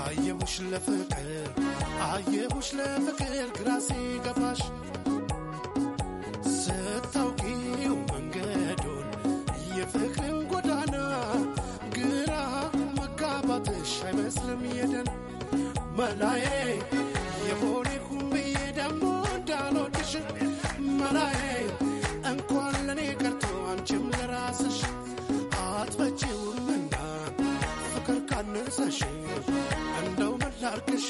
አየሁሽ ለፍቅር አየሁሽ ለፍቅር ግራ ሲገባሽ ስታውቂው መንገዱን የፍቅርን ጎዳና ግራ መጋባትሽ አይመስልም የደን መላዬ የሆነ ኩምብዬ ደግሞ እንዳልወድሽ መላዬ እንኳን ለእኔ ቀርቶ አንቺም ለራስሽ አትበጪውምና ፍቅር ካነሳሽ እንደው መላርክሽ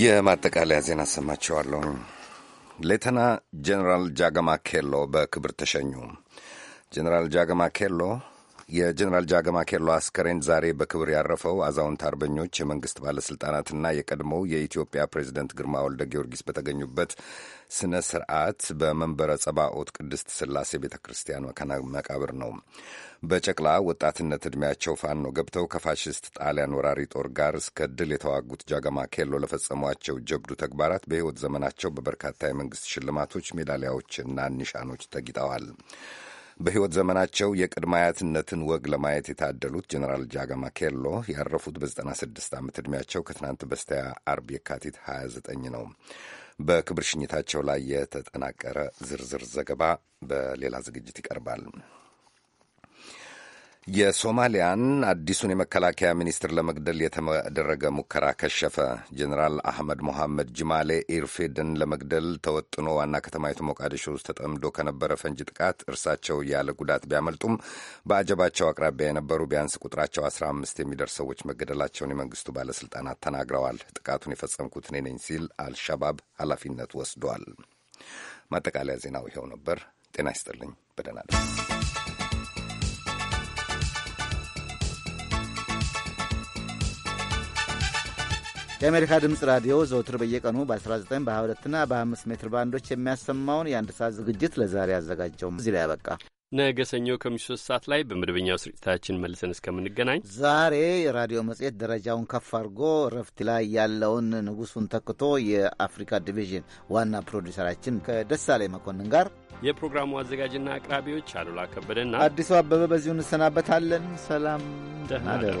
የማጠቃለያ ዜና አሰማችኋለሁ። ሌተና ጀኔራል ጃገማ ኬሎ በክብር ተሸኙ። ጀኔራል ጃገማ ኬሎ የጀኔራል ጃገማ ኬሎ አስከሬን ዛሬ በክብር ያረፈው አዛውንት አርበኞች፣ የመንግስት ባለሥልጣናትና የቀድሞው የኢትዮጵያ ፕሬዚደንት ግርማ ወልደ ጊዮርጊስ በተገኙበት ስነ ስርዓት በመንበረ ጸባኦት ቅድስት ስላሴ ቤተ ክርስቲያን መቃብር ነው። በጨቅላ ወጣትነት ዕድሜያቸው ፋኖ ገብተው ከፋሽስት ጣሊያን ወራሪ ጦር ጋር እስከ ድል የተዋጉት ጃገማ ኬሎ ለፈጸሟቸው ጀብዱ ተግባራት በሕይወት ዘመናቸው በበርካታ የመንግሥት ሽልማቶች፣ ሜዳሊያዎችና ኒሻኖች ተጊጠዋል። በሕይወት ዘመናቸው የቅድመ አያትነትን ወግ ለማየት የታደሉት ጀኔራል ጃጋማ ኬሎ ያረፉት በ96 ዓመት ዕድሜያቸው ከትናንት በስቲያ አርብ የካቲት 29 ነው። በክብር ሽኝታቸው ላይ የተጠናቀረ ዝርዝር ዘገባ በሌላ ዝግጅት ይቀርባል። የሶማሊያን አዲሱን የመከላከያ ሚኒስትር ለመግደል የተደረገ ሙከራ ከሸፈ። ጀኔራል አህመድ ሞሐመድ ጅማሌ ኢርፌድን ለመግደል ተወጥኖ ዋና ከተማይቱ ሞቃዲሾ ውስጥ ተጠምዶ ከነበረ ፈንጂ ጥቃት እርሳቸው ያለ ጉዳት ቢያመልጡም በአጀባቸው አቅራቢያ የነበሩ ቢያንስ ቁጥራቸው አስራ አምስት የሚደርስ ሰዎች መገደላቸውን የመንግስቱ ባለስልጣናት ተናግረዋል። ጥቃቱን የፈጸምኩት እኔ ነኝ ሲል አልሻባብ ኃላፊነት ወስዷል። ማጠቃለያ ዜናው ይኸው ነበር። ጤና ይስጥልኝ። በደህና የአሜሪካ ድምፅ ራዲዮ ዘውትር በየቀኑ በ19 በ22ና በ25 ሜትር ባንዶች የሚያሰማውን የአንድ ሰዓት ዝግጅት ለዛሬ አዘጋጀውም እዚህ ላይ ያበቃ። ነገ ሰኞ ከምሽቱ ሶስት ሰዓት ላይ በመደበኛው ስርጭታችን መልሰን እስከምንገናኝ ዛሬ የራዲዮ መጽሔት ደረጃውን ከፍ አድርጎ እረፍት ላይ ያለውን ንጉሱን ተክቶ የአፍሪካ ዲቪዥን ዋና ፕሮዲውሰራችን ከደሳሌ መኮንን ጋር የፕሮግራሙ አዘጋጅና አቅራቢዎች አሉላ ከበደና አዲሱ አበበ በዚሁ እንሰናበታለን። ሰላም ደህና ደሩ።